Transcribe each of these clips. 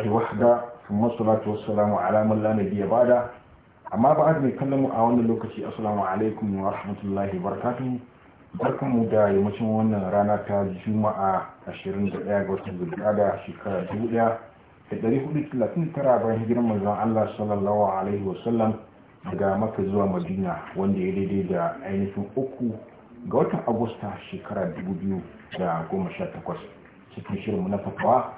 الوحدة ثم الصلاة والسلام على من لا نبي bada. amma ba da mai kallon mu a wannan lokaci assalamu alaikum wa rahmatullahi barakatuhu barkan mu da yammacin wannan rana ta juma'a 21 ga watan zulqa'ada shekara 1439 bayan hijirar manzon Allah sallallahu alaihi wa sallam daga Makka zuwa Madina wanda ya daidai da ainihin uku ga watan Agusta shekara 2018 cikin shirin mu na fatawa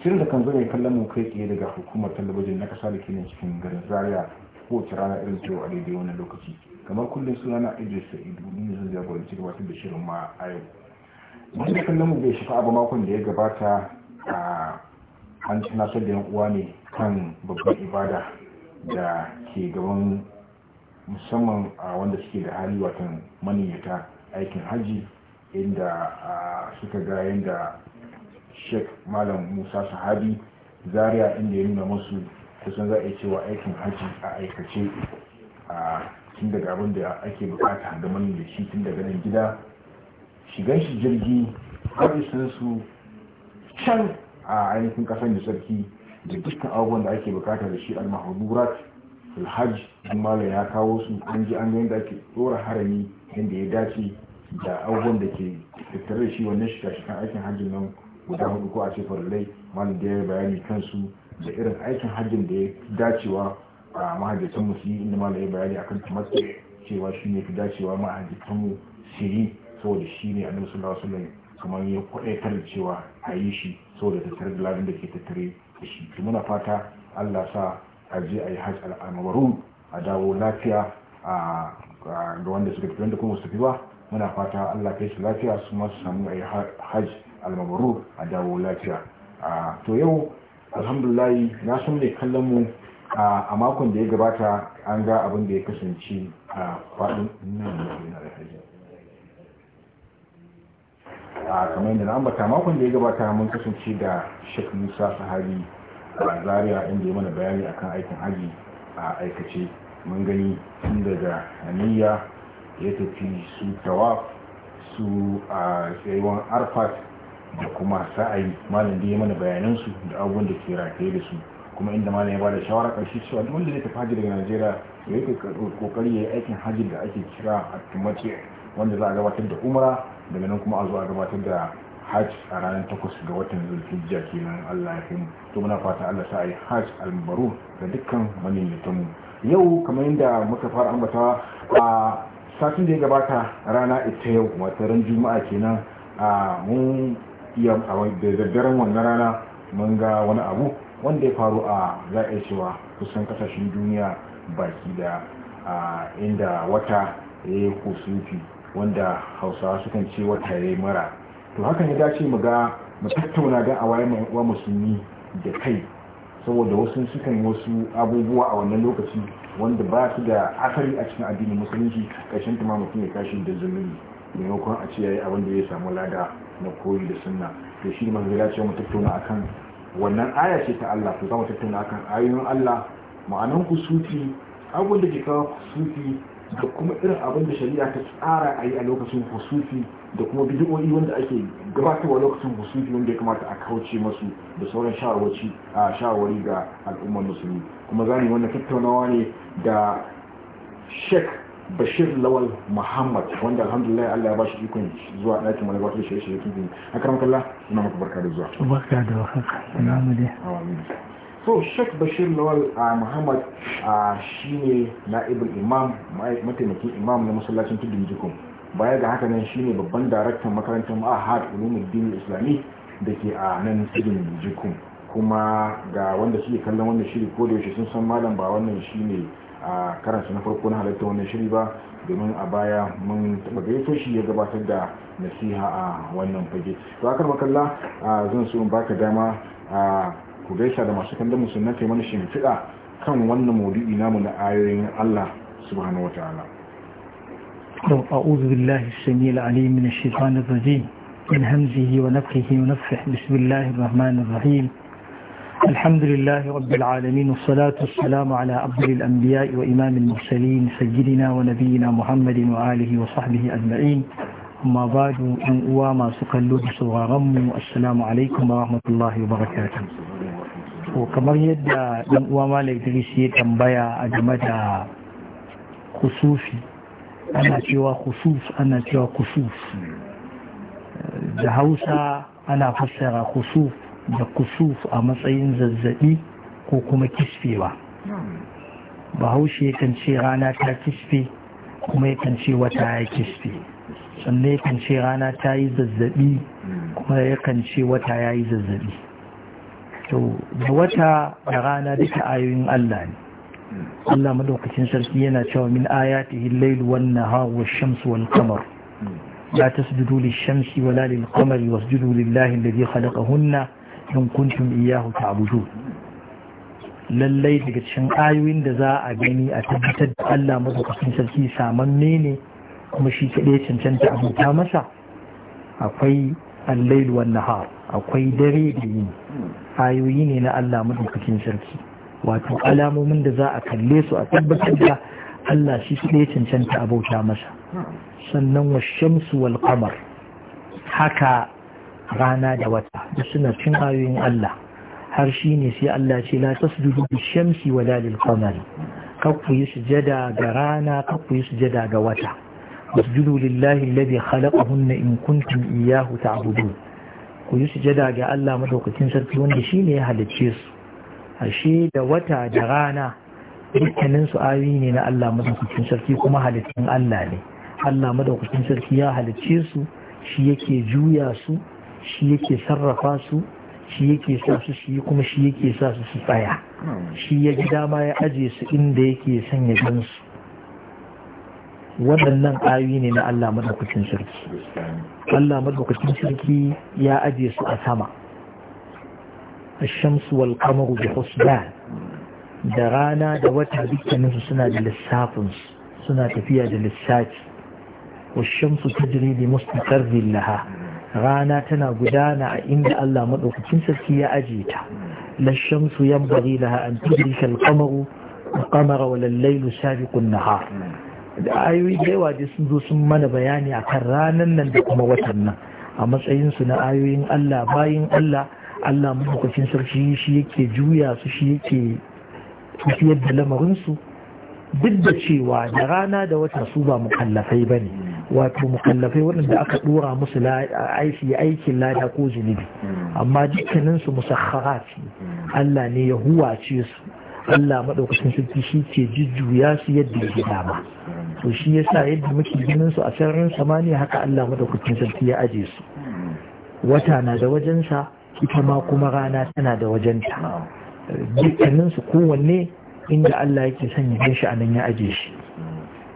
shirin da kan zo ya kallon mu kai tsaye daga hukumar talabijin na kasa da ke nan cikin garin zaria kowace rana irin ta a daidai wani lokaci kamar kullum suna na idris sa'idu ni zan jagoranci gabatar da shirin ma a yau wani kallon mu bai shafa abu makon da ya gabata a an tunatar da yan uwa ne kan babbar ibada da ke gaban musamman a wanda suke da hali watan maniyyata aikin hajji inda suka ga yadda sheikh malam musa sahabi zaria inda ya nuna musu kusan za a yi cewa aikin hajji a aikace a tun daga abin da ake bukata da mani da shi tun daga nan gida shigan shi jirgi harisun su can a ainihin kasan da sarki da dukkan abubuwan da ake bukata da shi al-mahdurat al-hajj malam ya kawo su an ji an yadda ake tsora harami yadda ya dace da abubuwan da ke tattare da shi wannan shiga-shigan aikin hajji nan guda hudu ko a ce farallai malam da ya bayani kansu da irin aikin hajjin da ya dacewa a mahajjatan mu inda malam ya bayani akan tamattu cewa shi ne fi dacewa mahajjatan mu shiri saboda shi ne annabi sallallahu alaihi wasallam kamar ya kwaɗaitar cewa a yi shi saboda tattare da ladin da ke tattare da shi to muna fata Allah sa a je a yi hajj al'amaru a dawo lafiya a ga wanda suka tafi wanda kuma su tafi ba muna fata Allah kai su lafiya su masu samu a yi hajj almabaru a dawo lafiya to yau alhamdulahi na san mai kallon mu a makon da ya gabata an ga abin da ya kasance a faɗin nan na da a kamar da na ambata makon da ya gabata mun kasance da shek musa sahabi a zaria inda ya mana bayani akan aikin haji a aikace mun gani tun daga aniyya ya tafi su tawaf su a tsayuwan arfat da kuma sa'ayi malam da ya mana bayanan su da abubuwan da ke rataye da su kuma inda malam ya ba da shawara karshe cewa duk wanda zai tafi hajji daga Najeriya ya yi kokari ya yi aikin hajji da ake kira a tumace wanda za a gabatar da umara daga nan kuma a zuwa a gabatar da hajj a ranar takwas ga watan zulhijja kenan Allah ya fi mu to muna fata Allah sa yi hajj almaru ga dukkan maniyyatan mu yau kamar yadda muka fara ambatawa a satin da ya gabata rana ita yau wata ran juma'a kenan a mun iya da daddaren wannan rana mun ga wani abu wanda ya faru a za cewa kusan kasashen duniya baki da inda wata ya yi kusurfi wanda hausawa sukan ce wata ya yi mara to hakan ya dace mu ga mu tattauna don a waye wa musulmi da kai saboda wasu sukan wasu abubuwa a wannan lokaci wanda ba su da asali a cikin addinin musulunci ƙarshen tuma mutum ya tashi da zunubi maimakon a ce yayi abin da ya samu lada na koyi da sunna to shi manzo ya ce mu tattauna akan wannan aya ce ta Allah to za mu tattauna akan ayoyin Allah ma'anan kusufi abun da ke kawo sufi da kuma irin abin da shari'a ta tsara a yi a lokacin kusufi da kuma bidiyoyi wanda ake gabatarwa lokacin kusufi wanda ya kamata a kauce masu da sauran shawarwaci a shawari ga al'ummar musulmi kuma za wannan tattaunawa ne da shek bashir lawal muhammad wanda alhamdulillah allah ya bashi ikon zuwa ɗakin wani shi shirye shirye kin a karan kalla ina maka barka da zuwa barka da warhaka ina mu so shek bashir lawal muhammad shine na'ibul imam mataimakin imam na masallacin tudun jikun baya ga haka nan shine babban daraktan makarantar ma'ahad dini islami da ke a nan tudun jikun kuma ga wanda suke kallon wannan shiri ko da yaushe sun san malam ba wannan shine a karansu na farko na halarta wannan shiri ba domin a baya mun taɓa gaito shi ya gabatar da nasiha a wannan fage to akar makalla zan so in baka dama ku gaisa da masu kallon musulman kai mana shimfiɗa kan wannan maudu'i namu na ayoyin Allah subhanahu wataala لو أعوذ بالله السميع العليم من الشيطان الرجيم من همزه ونفخه ونفخه بسم الله الرحمن الرحيم الحمد لله رب العالمين والصلاة والسلام على أفضل الأنبياء وإمام المرسلين سيدنا ونبينا محمد وآله وصحبه أجمعين أما بعد أن أواما سقلوا بصغارم السلام عليكم ورحمة الله وبركاته وكما يدى أن أواما لإدريسية تنبيا أجمد خصوصي أنا سوى خصوص أنا سوى خصوص جهوسا أنا فسر خصوص da kusuf a matsayin zazzabi ko kuma kisfewa bahaushe yakan ce rana ta kisfe kuma yakan ce wata ya kisfe sannan yakan ce rana ta yi zazzabi kuma yakan ce wata ya yi zazzabi to da wata da rana duka ayoyin Allah ne Allah madaukakin sarki yana cewa min ayati al-layl wan nahar wash-shamsu wal qamar la tasjudu lish-shamsi wala lil-qamari wasjudu lillahi alladhi khalaqahunna in kuntum iyahu ta'budu lallai daga cikin ayoyin da za a gani a tabbatar da Allah madaukakin sarki samanne ne kuma shi kaɗai cancanta abuta masa akwai allail wan nahar akwai dare da yini ayoyi ne na Allah madaukakin sarki wato alamomin da za a kalle su a tabbatar da Allah shi kaɗai cancanta abauta masa sannan wa shamsu wal qamar haka rana da wata da suna cin ayoyin Allah har shi ne sai Allah ce la tasjudu shamsi wala lil qamari kakku yi sujada ga rana kakku yi sujada ga wata wasjudu lillahi alladhi khalaqahunna in kuntum iyyahu ta'budun ku yi sujada ga Allah madaukakin sarki wanda shi ne ya halicce su ashe da wata da rana dukkanin su ayoyi ne na Allah madaukakin sarki kuma halittun Allah ne Allah madaukakin sarki ya halicce su shi yake juya su shi yake sarrafa su shi yake sa su shi kuma shi yake sa su su tsaya shi ya ji dama ya aje su inda yake son ya gan su waɗannan ayoyi ne na Allah madaukakin sarki Allah madaukakin sarki ya aje su a sama الشمس والقمر بحسبان da rana da wata dukkaninsu suna da lissafinsu suna tafiya da lissafi والشمس تجري لمستقر لها rana tana gudana a inda Allah maɗaukacin sarki ya aje ta su yan bari laha an tudrika al-qamaru al-qamara wal shafi da ayoyi da yawa dai sun zo sun mana bayani a kan ranar nan da kuma watan nan a matsayinsu, na ayoyin Allah bayin Allah Allah maɗaukacin sarki shi yake juya su shi yake tafiyar da lamarin su duk da cewa da rana da wata su ba mukallafai bane wato mukallafai waɗanda aka ɗora musu aiki aikin lada ko zunubi hmm. amma dukkaninsu musakharati hmm. Allah ne ya huwace su Allah maɗaukacin sarki shi ke jujjuya su yadda ya dama hmm. to shi yasa yadda muke ginin su a sararin samaniya haka Allah maɗaukacin sarki ya aje su wata na da wajensa ita ma kuma rana tana da wajenta dukkaninsu kowanne inda Allah yake sanya ya shi a nan ya aje shi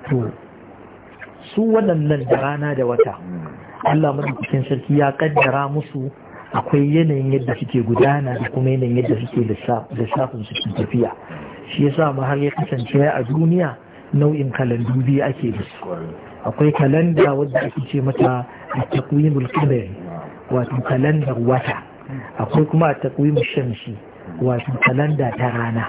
to su waɗannan da rana da wata Allah madaukakin sarki ya kaddara musu akwai yanayin yadda suke gudana da kuma yanayin yadda suke lissafin su tafiya shi yasa ma har ya kasance a duniya nau'in kalandu biyu ake da su akwai kalanda wadda ake ce mata a takwimul qamari wato kalandar wata akwai kuma a takwimul shamsi wato kalanda ta rana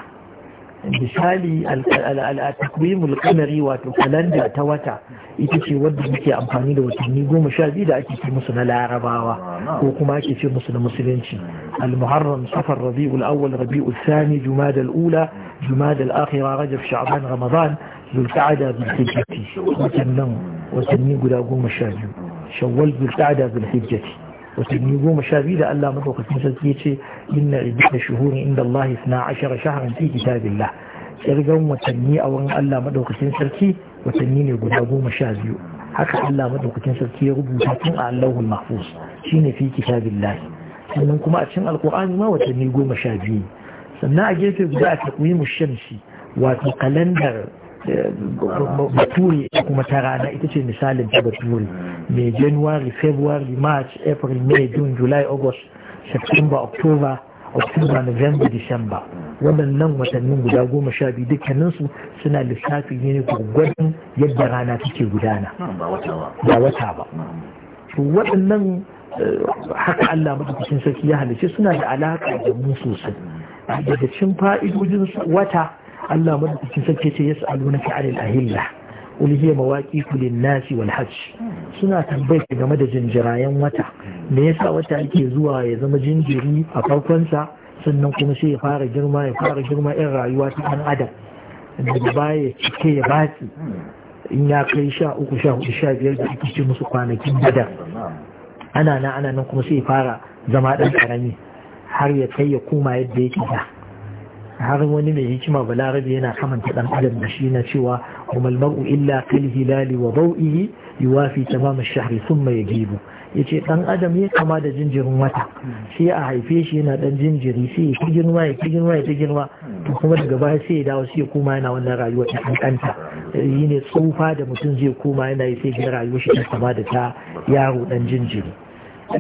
misali al-takwimul wato kalanda ta wata ita ce wadda muke amfani da watanni goma sha biyu da ake ce musu na larabawa ko kuma ake ce musu na musulunci al-muharram safar rabi'ul awwal rabi'ul thani jumada al-ula jumada al-akhira rajab sha'ban ramadan zulqa'ada bil hijjati watannin watanni guda goma sha biyu shawwal zulqa'ada bil hijjati watanni goma sha biyu da Allah madaukakin sarki ya ce inna iddata shuhuri inda Allah isna ashara shahran fi kitabillah kirgan watanni a wurin Allah madaukakin sarki watanni ne guda goma sha biyu haka Allah madaukakin sarki ya rubuta tun a Allahul Mahfuz shine fi kitabillah sannan kuma a cikin alkur'ani ma watanni goma sha biyu sannan a gefe guda a takwimu shamsi wato kalandar bature kuma ta rana ita ce misalin ta baturi mai january february march april may june july august september october oktoba november december waɗannan watannin guda goma sha biyu su suna lissafi ne gwargwadon yadda rana take gudana ba wata ba to waɗannan eh, haka allah maɗaukacin sarki ya halice suna da alaƙa da mu sosai mm. daga cin fa'idojin wata Allah madaukakin sarki ce yas'alunaka 'anil ahilla Wani hiya mawaƙi kulin nasi wal hajj suna tambayar game da jinjirayen wata me yasa wata ake zuwa ya zama jinjiri a farkonsa sa sannan kuma sai ya fara girma ya fara girma 'yan rayuwa ta ɗan adam daga baya ya cike ya batsi in ya kai sha uku sha hudu sha biyar da ake ce musu kwanakin badar ana ana nan kuma sai ya fara zama ɗan ƙarami har ya kai ya koma yadda yake da har wani mai hikima balarabi yana kamanta dan adam da shi na cewa umal mar'u illa kal hilali wa baui yuwafi tamam ash-shahr thumma yajibu yace dan adam ya kama da jinjirin wata shi a haife shi yana dan jinjiri sai ya ki girma ya ki girma ya girma to kuma daga baya sai ya dawo sai ya koma yana wannan rayuwa ta kankanta yi ne tsufa da mutum zai koma yana yi sai rayuwar shi ta kama da ta yaro dan jinjiri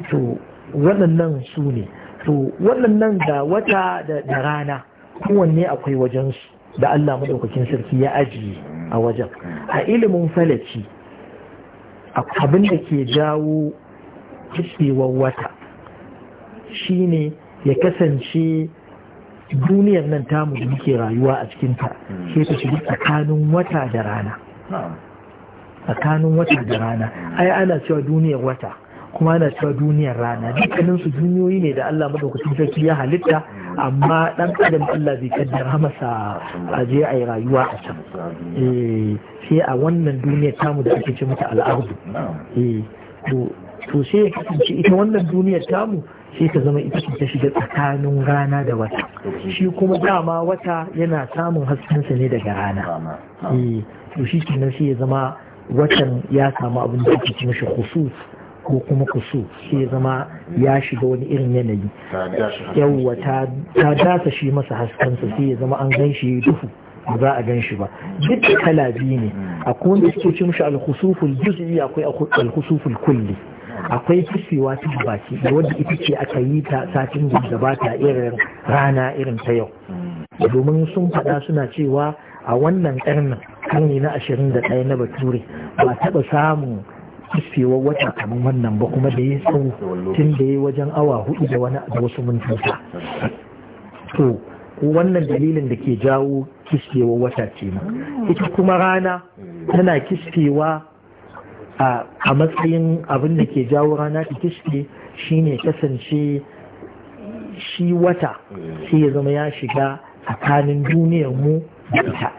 to waɗannan su ne to waɗannan da wata da rana kowanne akwai wajensu da Allah maɗaukakin sarki ya ajiye a wajen a ilimin falaci abin da ke jawo kitsewar wata shine ya kasance duniyar nan tamu da muke rayuwa a cikinta sai ta shiga tsakanin wata da rana tsakanin wata da rana ai ana cewa duniyar wata kuma yana cewa duniyar rana dukkanin su duniyoyi ne da Allah madaukakin sarki ya halitta amma dan adam Allah zai kaddara masa aje a rayuwa a can eh, sai a wannan duniyar tamu da ake ce mata al'adu eh, to sai ya ita wannan duniyar tamu sai ta zama ita ta shiga tsakanin rana da wata shi kuma dama wata yana samun sa ne daga rana eh, to shi kenan sai ya zama watan ya samu abin da ake ce mishi khusus ko kuma ku so sai zama ya shiga wani irin yanayi yawwa ta dasa shi masa haskansa sai ya zama an gan shi duhu ba za a gan shi ba duk da kala biyu ne akwai wanda suke ce mishi alkhusuful juz'i akwai alkhusuful kulli akwai kusewa ta baki da wanda ita ce aka yi ta satin da gabata irin rana irin ta yau domin sun faɗa suna cewa a wannan karnin karni na 21 na bature ba taɓa samun kifewar wata kamar wannan ba kuma da ya tsawo tun da ya wajen awa hudu da wani da wasu to wannan dalilin da ke jawo kifewar wata ce ita kuma rana tana kisfewa a matsayin abin da ke jawo rana ta shi shine kasance shi wata sai ya zama ya shiga tsakanin duniyar mu da ita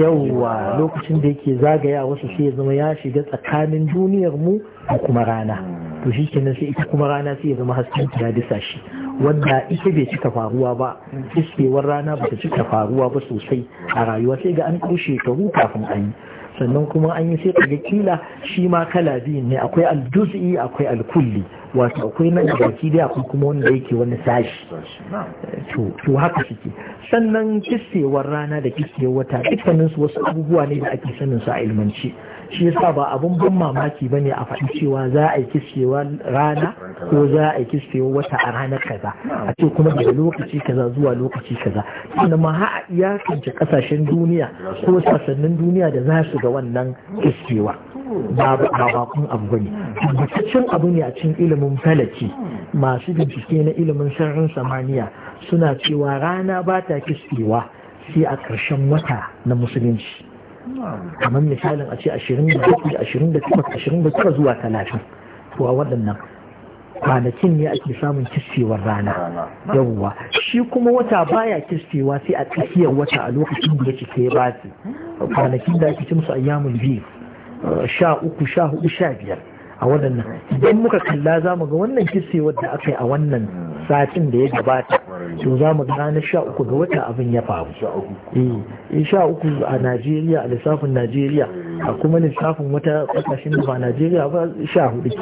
yawwa lokacin da yake zagaya wasu sai ya zama ya shiga tsakanin duniyar mu da kuma rana hmm. to shi kenan sai ita kuma rana sai ya zama hasken ya disa shi wanda ita bai cika faruwa ba iskewar rana ba ta cika faruwa ba sosai a rayuwa sai ga an kushe shekaru kafin an yi sannan kuma an yi sai kaga kila shi ma kala biyu ne akwai aljuz'i akwai alkulli wato akwai nan baki dai akwai kuma wanda yake wani sashi to haka suke sannan kissewar rana da kissewar wata dukkanin su wasu abubuwa ne da ake sanin su a ilimance. shi yasa ba abun ban mamaki ba ne a faɗi cewa za a yi kiskewa rana ko za a yi kiskewa wata a ranar kaza a ce kuma daga lokaci kaza zuwa lokaci kaza sannan ma har iyakance kasashen duniya ko sassanin duniya da za su ga wannan kiskewa ba bakun abu ba ne tabbataccen abu ne a cikin ilimin falaki masu bincike na ilimin sararin samaniya suna cewa rana ba ta kiskewa sai a ƙarshen wata na musulunci kamar misalin a ce 28-29 zuwa 30 to waɗannan kwanakin ne ake samun kiskewar rana yawwa shi kuma wata baya kiskewa sai a tsakiyar wata a lokacin da yake ke ba kwanakin da ake cin su a yamun biyu sha uku sha hudu sha biyar a waɗannan idan muka kalla za mu ga wannan kisse wadda aka yi a wannan satin da ya gabata to za mu ranar sha uku ga wata abin ya faru sha uku eh, eh, a najeriya a lissafin najeriya a kuma lissafin wata kasashen da ba najeriya ba sha hudu ke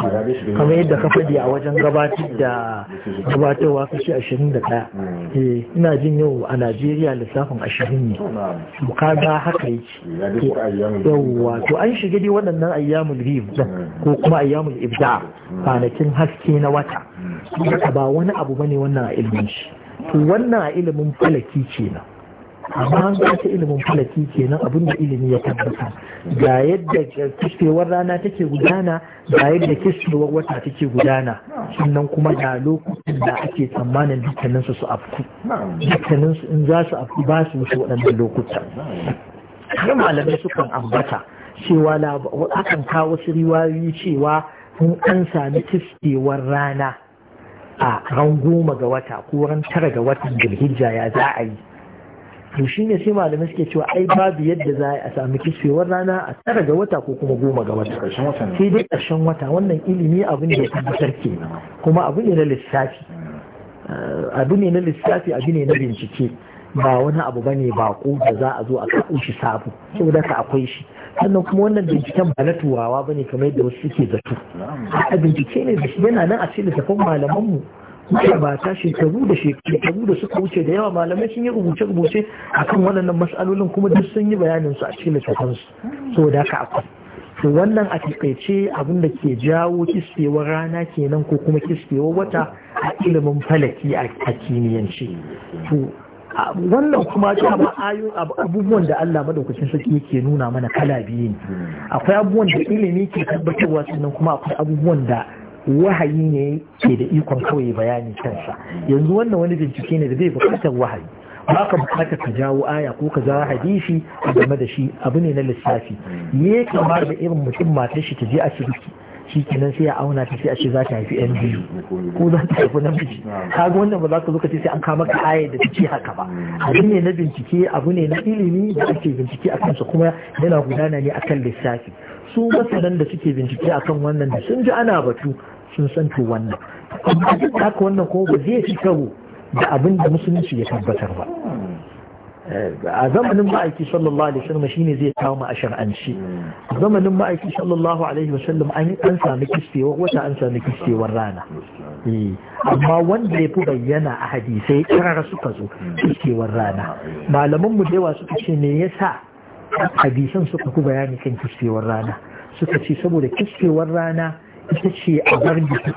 kama yadda ka faɗi a wajen gabatar da gabatarwa kashi ashirin da ɗaya eh, ina jin yau a najeriya lissafin ashirin ne to kaga haka ce. yawwa to an shiga dai waɗannan ayyamul rib ko kuma ayyamul ibda kwanakin haske na wata ba wani abu bane wannan a ilimin shi to wannan a ilimin falaki kenan amma an ga ta ilimin falaki kenan abin da ilimi ya tabbata ga yadda kishewar rana take gudana ga yadda kishewar wata take gudana sannan kuma ga lokacin da ake tsammanin dukkanin su afku dukkanin su in za su afku ba su wuce waɗannan lokuta sai malamai sukan ambata cewa akan kawo wasu riwayoyi cewa in an sami kiskewar rana a ran goma ga wata ko ran tara ga watan girhijja ya za a yi to shi ne sai malamai suke cewa ai babu yadda za a sami kiswewar rana a tsara ga wata ko kuma goma ga wata sai dai ƙarshen wata wannan ilimi abu ne da tabbatar ke kuma abu ne na lissafi eh, abu ne na lissafi abu ne na bincike ba wani abu ba ne bako da za a zo a karɓo shi sabu saboda ka akwai shi sannan kuma wannan binciken ba na turawa ba ne kamar yadda wasu suke zato a bincike ne da shi yana nan a cikin littafin malamanmu ta shekaru da shekaru da suka wuce da yawa malamai sun yi rubuce-rubuce a kan waɗannan matsalolin kuma duk sun yi bayaninsu a cikin so da ka akwai to wannan a taƙaice abin da ke jawo kiskewar rana kenan ko kuma kiskewar wata a ilimin falaki a kimiyyance to wannan kuma dama abubuwan da Allah madaukakin sarki yake nuna mana kala biyu ne akwai abubuwan da ilimi ke tabbatarwa sannan kuma akwai abubuwan da wahayi ne ke da ikon kawai bayani kansa yanzu wannan wani bincike ne da zai bukatar wahayi ba ka bukatar ka jawo aya ko ka jawo hadisi a game da shi abu ne na lissafi me ya kamar da irin mutum matar shi ta je a asibiti shi kenan sai a auna ta sai a ce za ta haifi yan biyu ko za ta haifi ka ga wannan ba za ka zo ka ce sai an kama ka aya da ce haka ba abu ne na bincike abu ne na ilimi da ake bincike a kansa kuma yana gudana ne akan lissafi su masanan da suke bincike akan wannan da sun ji ana batu sun san wannan amma duk da haka wannan ko ba zai fi karo da abin da musulunci ya tabbatar ba a zamanin ma'aiki sallallahu alaihi wasallam shine zai kawo mu a shar'anci zamanin ma'aiki sallallahu alaihi wasallam an an sami kistewar wata an sami kistewar rana eh, amma wanda ya fi bayyana a hadisai karara suka zo kistewar rana malaman mu da yawa suka ce me yasa hadisan suka ku bayani kan kistewar rana suka ce saboda kistewar rana ita ce a bar da ta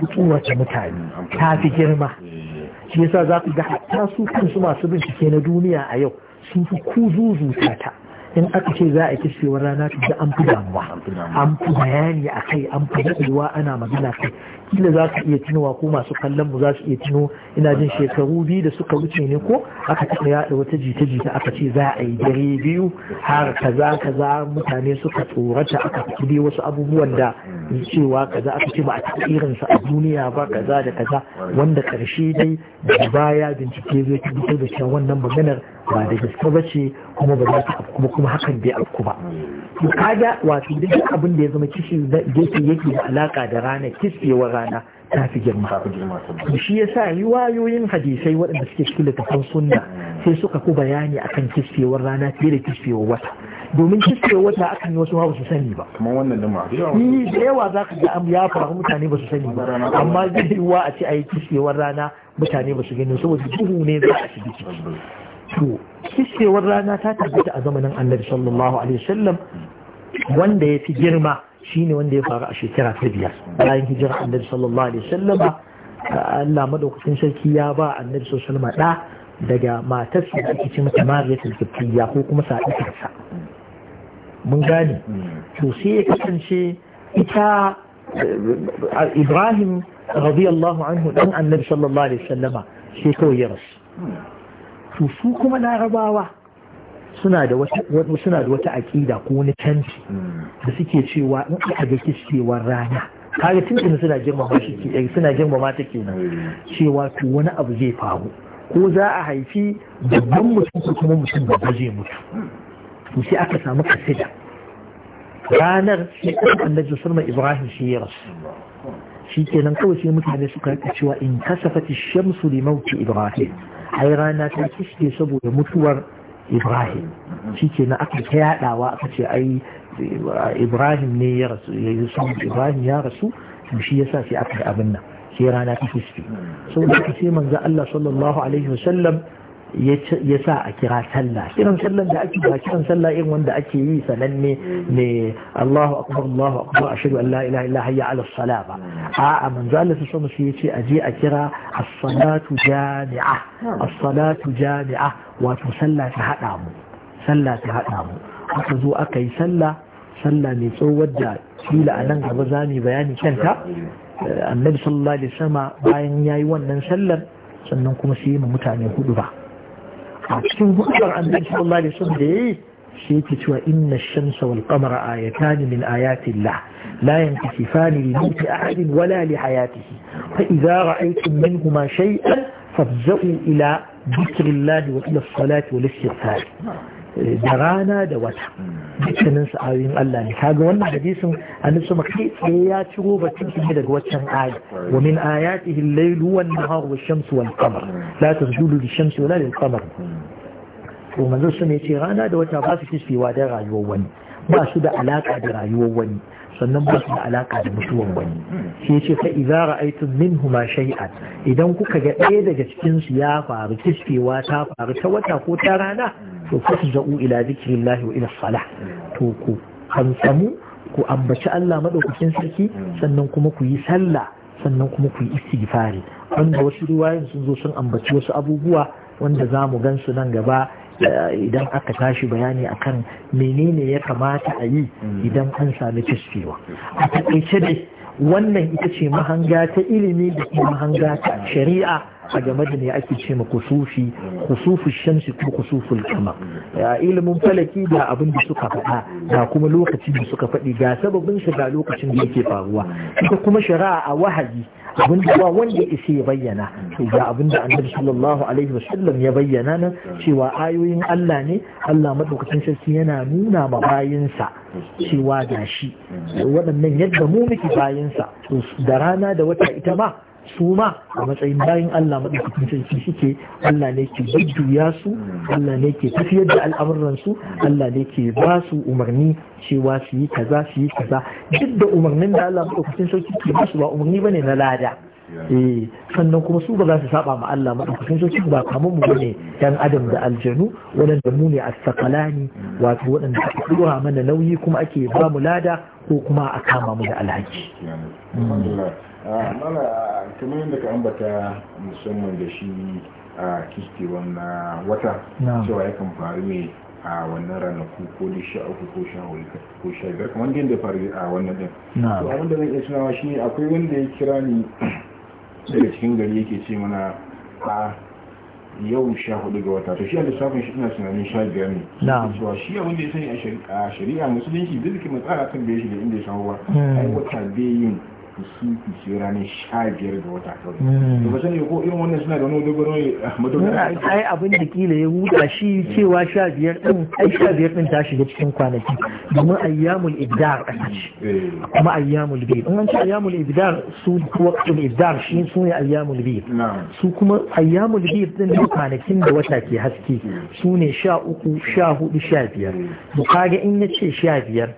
mutane ta fi girma eh. shi yasa za ku ga hatta su kansu masu bincike na duniya a yau sun fi ta ta in aka ce za a kishewar rana ta da an fi damuwa an fi bayani a kai an fi daɗewa ana magana kai kila za ka iya tunowa ko masu kallon mu za su iya tuno ina jin shekaru biyu da suka wuce ne ko aka taɓa yaɗa wata jita-jita aka ce za a yi dare biyu har kaza kaza mutane suka tsorata aka fi dai wasu abubuwan da cewa kaza aka ce ba a taɓa irinsa a duniya ba kaza da kaza wanda ƙarshe dai da baya bincike zai tabbatar da cewa wannan maganar ba da gaske ba ce kuma ba za ta kuma hakan bai afku ba to kaga wato duk abin da ya zama kishi ke yake da alaka da rana kisewar rana ta fi girma to shi yasa riwayoyin hadisai waɗanda suke cikin littafin sunna sai suka ku bayani akan kisewar rana fiye da kisewar wata domin kisewar wata akan yi wasu ma su sani ba kuma wannan da yawa za ka ga ya faru mutane ba su sani ba amma zai yiwuwa a ce a yi kisewar rana mutane ba su gani saboda duhu ne za a shiga ciki to kishewar rana ta tabbata a zamanin annabi sallallahu alaihi wasallam wanda ya fi girma shine wanda ya faru a shekara ta biyar bayan hijira annabi sallallahu alaihi wasallam Allah madaukakin sarki ya ba annabi sallallahu alaihi wasallam daga matarsa da ake mata mariyatul ko kuma sadiqarsa mun gane to sai ya kasance ita eh, Ibrahim radiyallahu anhu dan annabi sallallahu alaihi wasallam sai kawai ya rasu to su kuma larabawa suna da wata aƙida ko wani canci da suke cewa in aka ga kiskewar rana kaga tuntuni suna girmama shi ke eh, suna girmama ta kenan cewa to wani abu zai faru ko za a haifi babban mutum ko kuma mutum babba zai mutu to sai aka samu kasida ranar sai annabi sallama ibrahim shi ya rasu shi kenan kawai sai mutane suka rika cewa in kasafati shamsu li ibrahim ai rana ta kiske saboda mutuwar ibrahim shi ke na aka ta yadawa aka ce ai ibrahim ne ya rasu ya yi ibrahim ya rasu shi ya sa sai aka yi abin nan sai rana ta kiske saboda aka ce manzo allah sallallahu alaihi wasallam ya sa a kira sallah kiran sallah da ake ba kiran sallah irin wanda ake yi sananne ne Allahu akbar Allahu akbar ashhadu an la ilaha illa hayya ala salah ba a manzo Allah sallallahu yace aje a kira as-salatu jami'a as-salatu jami'a wato sallah ta hada mu sallah ta hada mu aka zo aka yi sallah sallah mai tsohuwar da kila a nan gaba za mu bayani kanta annabi sallallahu alaihi wasallam bayan yayi wannan sallar sannan kuma sai mu mutane hudu ba a cikin hudar annabi sallallahu alaihi wasallam da yayi shi yake cewa inna ash-shamsa wal qamara ayatan min ayati llah la yantasifani li mawti ahadin wala li hayatihi fa idza ra'aytum minhuma shay'an fafza'u ila dhikri llah wa ila as-salati wal istighfar eh, da rana da wata dukkanin su ayoyin Allah ne kaga wannan hadisin annabi sama kai ya ciro batun shi daga waccan aya wa min ayatihi al-layl wa nahar wa shamsu wal qamar la tasjudu lish-shamsi wa la lil-qamar to manzo sun yace rana da wata ba su wa da rayuwar wani ba su da alaka da rayuwar wani sannan ba su da alaka da mutuwar wani shi ce fa idza ra'aytum ma shay'an idan kuka ga ɗaya daga cikin su ya faru kiskewa ta faru ta wata ko ta rana to fasja'u ila zikrillahi wa ila salah to ku hamsamu ku ambaci Allah madaukakin sarki sannan kuma ku yi sallah sannan kuma ku yi istighfari wanda wasu riwayoyin sun zo sun ambaci wasu abubuwa wanda za mu gan su nan gaba Eh, idan aka tashi bayani akan menene ya kamata a yi mm. idan an sami cuspewa a taƙaice dai wannan ita ce mahanga ta ilimi da kuma mahanga ta shari'a a game da ne ake ce ma kusufi kusufu shamsi ko kusuful kama eh, ilimin falaki da abin da suka faɗa da kuma lokacin da suka faɗi ga sababin shiga lokacin da yake faruwa ita kuma shari'a a wahayi abin da ba wanda isi ya bayyana to ga abin da annabi sallallahu alaihi wasallam ya bayyana nan cewa ayoyin Allah ne Allah madaukakin sarki yana nuna ma bayinsa cewa gashi waɗannan yadda mu muke bayinsa da rana da wata ita ma su ma a matsayin bayan Allah maɗaukakin sarki suke Allah ne ke jujjuya su Allah ne ke tafiyar da al'amuran su Allah ne ke ba su umarni cewa su yi kaza su yi kaza duk da umarnin da Allah maɗaukakin sarki ke ba su ba umarni bane na lada eh sannan kuma su ba za su saba ma Allah maɗaukakin sarki ba kamar mu bane dan adam da aljanu waɗanda mu ne as-saqalani wato waɗanda aka mana nauyi kuma ake ba mu lada ko kuma a kama mu da alhaji. Alhamdulillah. Ah, kamar yadda ka ambata musamman da shi a kiskewan wannan wata cewa yakan faru ne a wannan ranaku ko da sha uku ko sha hudu ko sha biyar kamar yadda ya faru a wannan din to abin da zan iya tunawa shi akwai wanda ya kira ni daga cikin gari yake ce mana a yau sha hudu ga wata to shi a lissafin shi ina tunanin sha biyar ne cewa shi abin da ya sani a shari'a musulunci duk da ke matsala kan bai shi da inda ya samu ba hmm. ai wata bai yin kusufi abinda ranar sha biyar ga wata kawai hmm. ba sani ko irin wannan suna da wani ne ah, ai abin da kila ya huta shi cewa sha biyar din ai sha biyar din ta shiga cikin kwanaki domin ayyamul ibdar a eh. kuma ayyamul bid in an ce ayyamul ibdar su waqtul ibdar shi su ne ayyamul su kuma ayyamul bid din da kwanakin da wata ke haske hmm. su ne sha uku sha hudu sha biyar mu hmm. kaga in ya ce sha biyar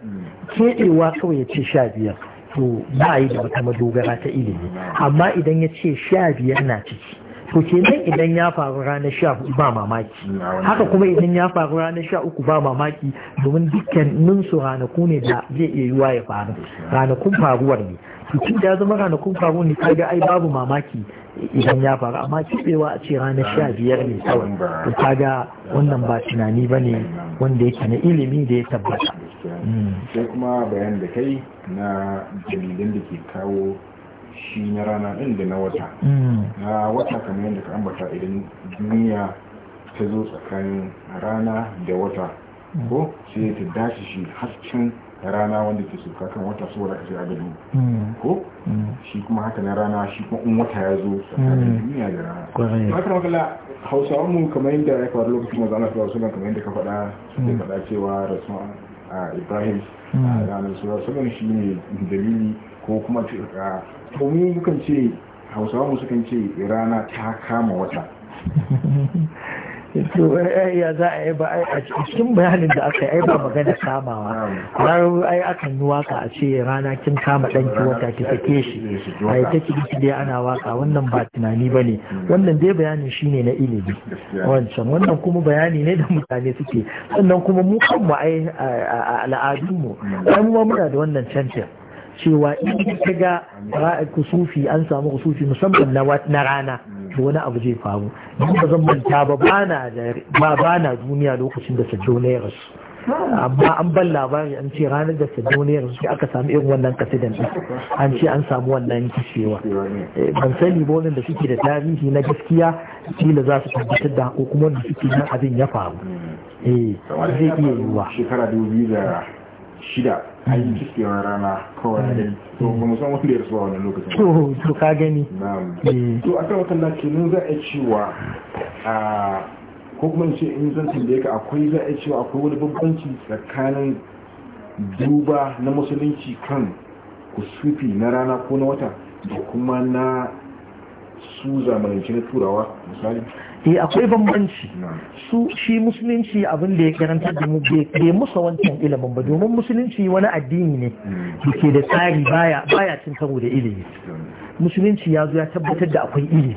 keɗewa kawai ya ce sha biyar to ba yi da wata madogara ta ilimi amma idan ya ce sha biyar na ciki to nan idan ya faru ranar sha hudu ba mamaki haka kuma idan ya faru ranar sha uku ba mamaki domin dukkanin su ranaku ne da zai iya yiwa ya faru ranakun faruwar ne tun da ya zama ranakun faruwar ne kaga ai babu mamaki idan ya faru amma kiɓewa a ce ranar sha biyar ne kawai to kaga wannan ba tunani ba ne wanda yake na ilimi da ya tabbata sai kuma bayan da kai na jami'an da ke kawo shi na rana ɗin da na wata mm. na wata kamar yadda ka ambata idan duniya ta zo tsakanin rana da wata mm. ko sai ta dace shi hasken rana wanda ke suka kan wata so da shiga gado mm. ko shi kuma haka na rana shi kuma in wata ya zo tsakanin duniya da rana kuma kuma kala hausawa mu kamar yadda ya faru lokacin maza ana sauwa suna kamar yadda ka faɗa suke faɗa cewa rasu ah, ibrahim a ah, ranar sauwa suna shi ne dalili ko kuma ah, to mu mukan ce hausawa mu sukan ce rana ta kama wata to ya za a yi ba a cikin bayanin da aka yi ai ba magana kamawa ranar ai akan yi waka a ce rana kin kama ɗanki wata ki sake shi a yi ta kirki dai ana waka wannan ba tunani ba ne mm. wannan dai bayanin shi ne na ilimi wancan wannan kuma bayani ne da mutane suke sannan kuma mu kanmu a al'adunmu mm. ai mu muna da wannan cancan. cewa in ka ga kusufi an samu kusufi musamman na rana to wani abu zai faru don ba zan manta ba ba na duniya lokacin da saddona ya rasu amma an ban labari an ce ranar da na ya rasu aka samu irin wannan kasidan ɗin an ce an samu wannan kishewa eh, ban sani ba da suke da tarihi na gaskiya kila za su tabbatar da ko kuma wanda suke nan abin ya faru eh zai iya yiwuwa shekara 2006 a yi cikewar rana kawai mm. da to ba mu san wanda ya rasu wani lokacin to ka gani mm. to a kan watan lati za a cewa a ko kuma ce in zan tambaye ka akwai za a cewa akwai wani bambanci tsakanin duba na musulunci kan kusufi na rana ko na wata da kuma na su zamanance na turawa misali eh akwai bambanci su shi musulunci abin da ya karanta da mu bai musa wancan ilimin ba domin musulunci wani addini ne hmm. da ke da tsari baya baya cin karo da ilimi hmm. musulunci ya zo ya tabbatar da akwai ilimi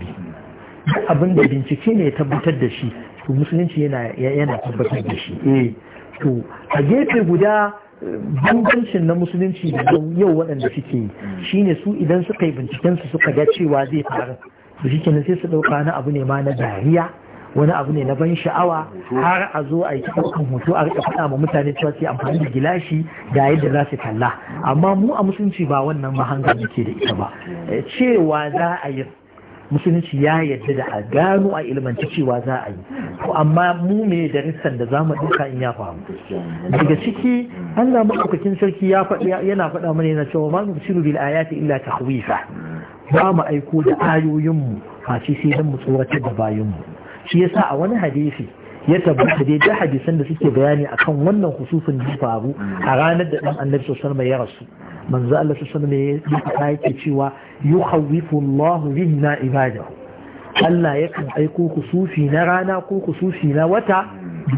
abin da bincike ne ya tabbatar da shi to musulunci yana yana tabbatar da shi eh to a gefe guda bambancin na musulunci da yau waɗanda suke yi hmm. shine su idan suka yi bincikensu suka ga cewa zai fara. Su shi kenan sai su ɗauka na abu ne ma na dariya wani abu ne na ban sha'awa har a zo a yi ɗaukan hoto a rika faɗa ma mutane cewa sai amfani da gilashi da yadda za su kalla amma mu a musulunci ba wannan mahangar da ke da ita ba eh, cewa za a yi musulunci ya yadda da a gano a ilmanci cewa za a yi to amma mu me darussan da zamu duka in ya faru daga ciki Allah madaukakin sarki ya faɗi yana faɗa mana yana cewa ma nusiru bil ayati illa tahwifa ba mu aiko da ayoyin mu face sai dan mu tsoratar da bayin mu shi yasa a wani hadisi ya tabbata dai da hadisan da suke bayani akan wannan hususin da faru a ranar da dan annabi sallallahu alaihi ya rasu manzo Allah sallallahu alaihi ya yi yake cewa yukhawwifu Allahu bina ibadahu Allah yakan aiko hususi na rana ko hususi na wata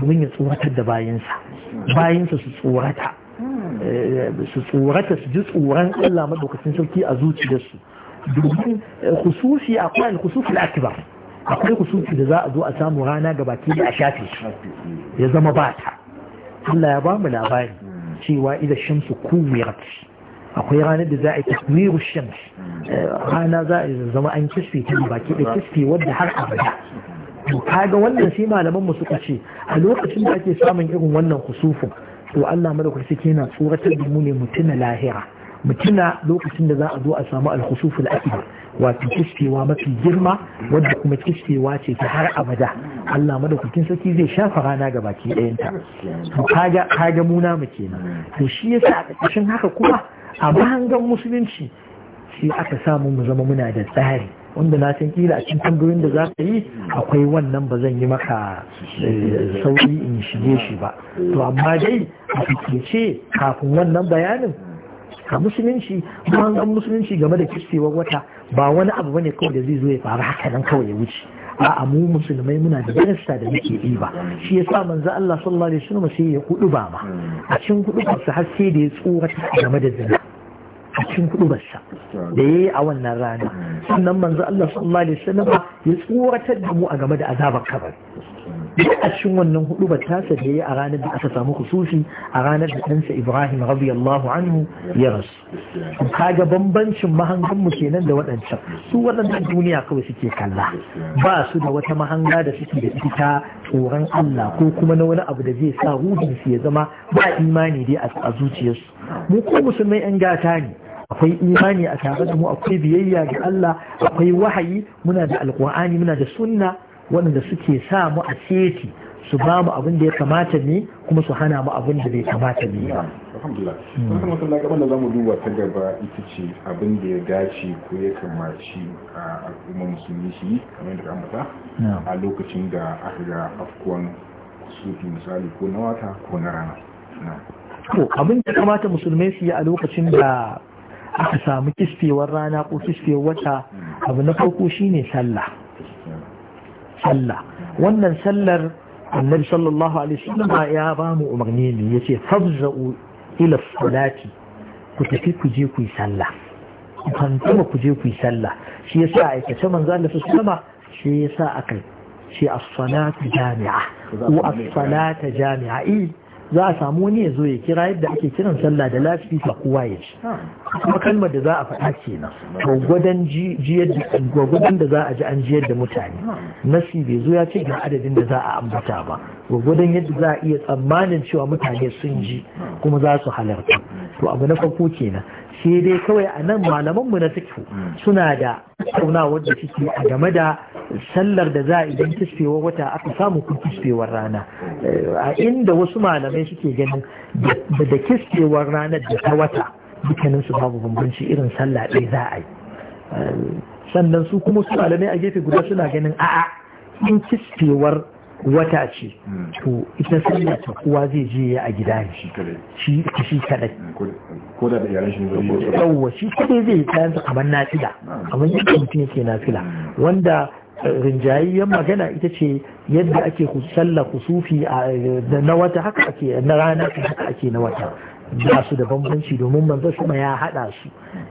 domin ya tsoratar da bayinsa bayinsa su tsorata eh, su tsorata su ji tsoron Allah madaukakin sarki a zuciyarsu domin hususi akwai al-husus al-akbar akwai kusurci da za a zo a samu rana ga baki da a shafe shi ya zama ba ta Allah ya ba mu labari cewa idan shamsu kuwirat akwai ranar da za a yi tasmiru shams eh, rana za a zama an kisfe ta baki da kisfe wadda har abada to kaga wannan sai malaman mu suka ce a lokacin da ake samun irin wannan kusufin to Allah madaukaki yana tsoratar da mu ne mutuna lahira mutuna lokacin da za a zo a samu alkhusuful akbar wato kiskewa mafi girma wadda kuma kiskewa ce ta har abada Allah madaukakin sarki zai shafa rana ga baki ɗayanta to kaga kaga na mu kenan to shi yasa a ƙarƙashin haka kuma a bangan musulunci sai aka samu mu zama muna da tsari wanda na san kila a cikin tambayoyin da za ka yi akwai wannan ba zan yi maka eh, sauri in shige shi ba to amma dai a ce kafin wannan bayanin ka musulunci an musulunci game da kirsewar wata ba wani abu bane kawai da zai zo ya faru haka nan kawai ya wuce a amu musulmai muna da darasta da muke yi ba shi ya sa manzo Allah sallallahu alaihi wasallam sai ya kudu ba ma a cikin kudu ba su har sai da ya tsorata game da zina a cikin kudu sa da ya yi a wannan rana sannan manzo Allah sallallahu alaihi wasallam ya tsoratar da mu a game da azabar kabari duk a cikin wannan hudu ba tasa da ya a ranar da aka samu kususi a ranar da ɗansa ibrahim radiyallahu anhu ya rasu kaga bambancin mahangan mu kenan da waɗancan su waɗannan duniya kawai suke kalla ba su da wata mahanga da suke da ita tsoron allah ko kuma na wani abu da zai sa ruhin su ya zama ba imani dai a zuciyarsu mu ko musulmai yan gata ne akwai imani a tare da mu akwai biyayya ga Allah akwai wahayi muna da alkur'ani muna da sunna waɗanda suke sa mu a seti su ba mu abin da ya kamata ne kuma su hana mu abin da bai kamata ne ba. Alhamdulillah. Kuma kuma gaban da zamu duba ta gaba ita ce abin da ya dace ko ya kamaci a al'ummar musulmi shi kamar da ambata a lokacin da aka ga afkuwan kusufi misali ko na wata ko na rana. To abin da kamata musulmai su yi a lokacin da aka samu kiskewar rana ko kiskewar wata hmm. abu na farko shine sallah. sallah wannan sallar annabi sallallahu alaihi wasallam ya ba mu umarni ne yace fafza'u ila salati ku tafi ku je ku yi sallah ku kantama ku je ku yi sallah shi yasa aikace manzo Allah sallallahu shi yasa akai shi as-salatu jami'a wa as-salata jami'a eh, za a samu wani ya zo ya kira yadda ake kiran sallah da ta kowa ya ci ah. kuma kalmar da za a faɗa ke nan gwagwadon da za a ji an jiyar da mutane ah. nasi bai zo ya ce ga adadin da za a ambata ba gwagwadon yadda za a iya tsammanin cewa mutane sun ji ah. kuma za su halarta to abu na farko kenan sai dai kawai a nan malamanmu na suke suna da tauna da suke a game da sallar da za a idan kispewar wata aka samu kun kispewar rana a inda wasu malamai suke ganin da kispewar ranar da ta wata dukkanin su babu bambanci irin sallah ɗaya za a yi sannan su kuma su malamai a gefe guda suna ganin a'a in kispewar wata ce hmm. to ita sallah ta zai je ya a gida ne shi shi kadai hmm, ko da iyalan shi ne yawa shi kadai zai kayan sa kamar nafila hmm. kamar yadda mutum yake nafila wanda eh, rinjayayyen magana ita ce yadda ake sallah kusufi eh, na wata haka ake na rana haka ake na wata ba su da bambanci domin manzo sama ya hada su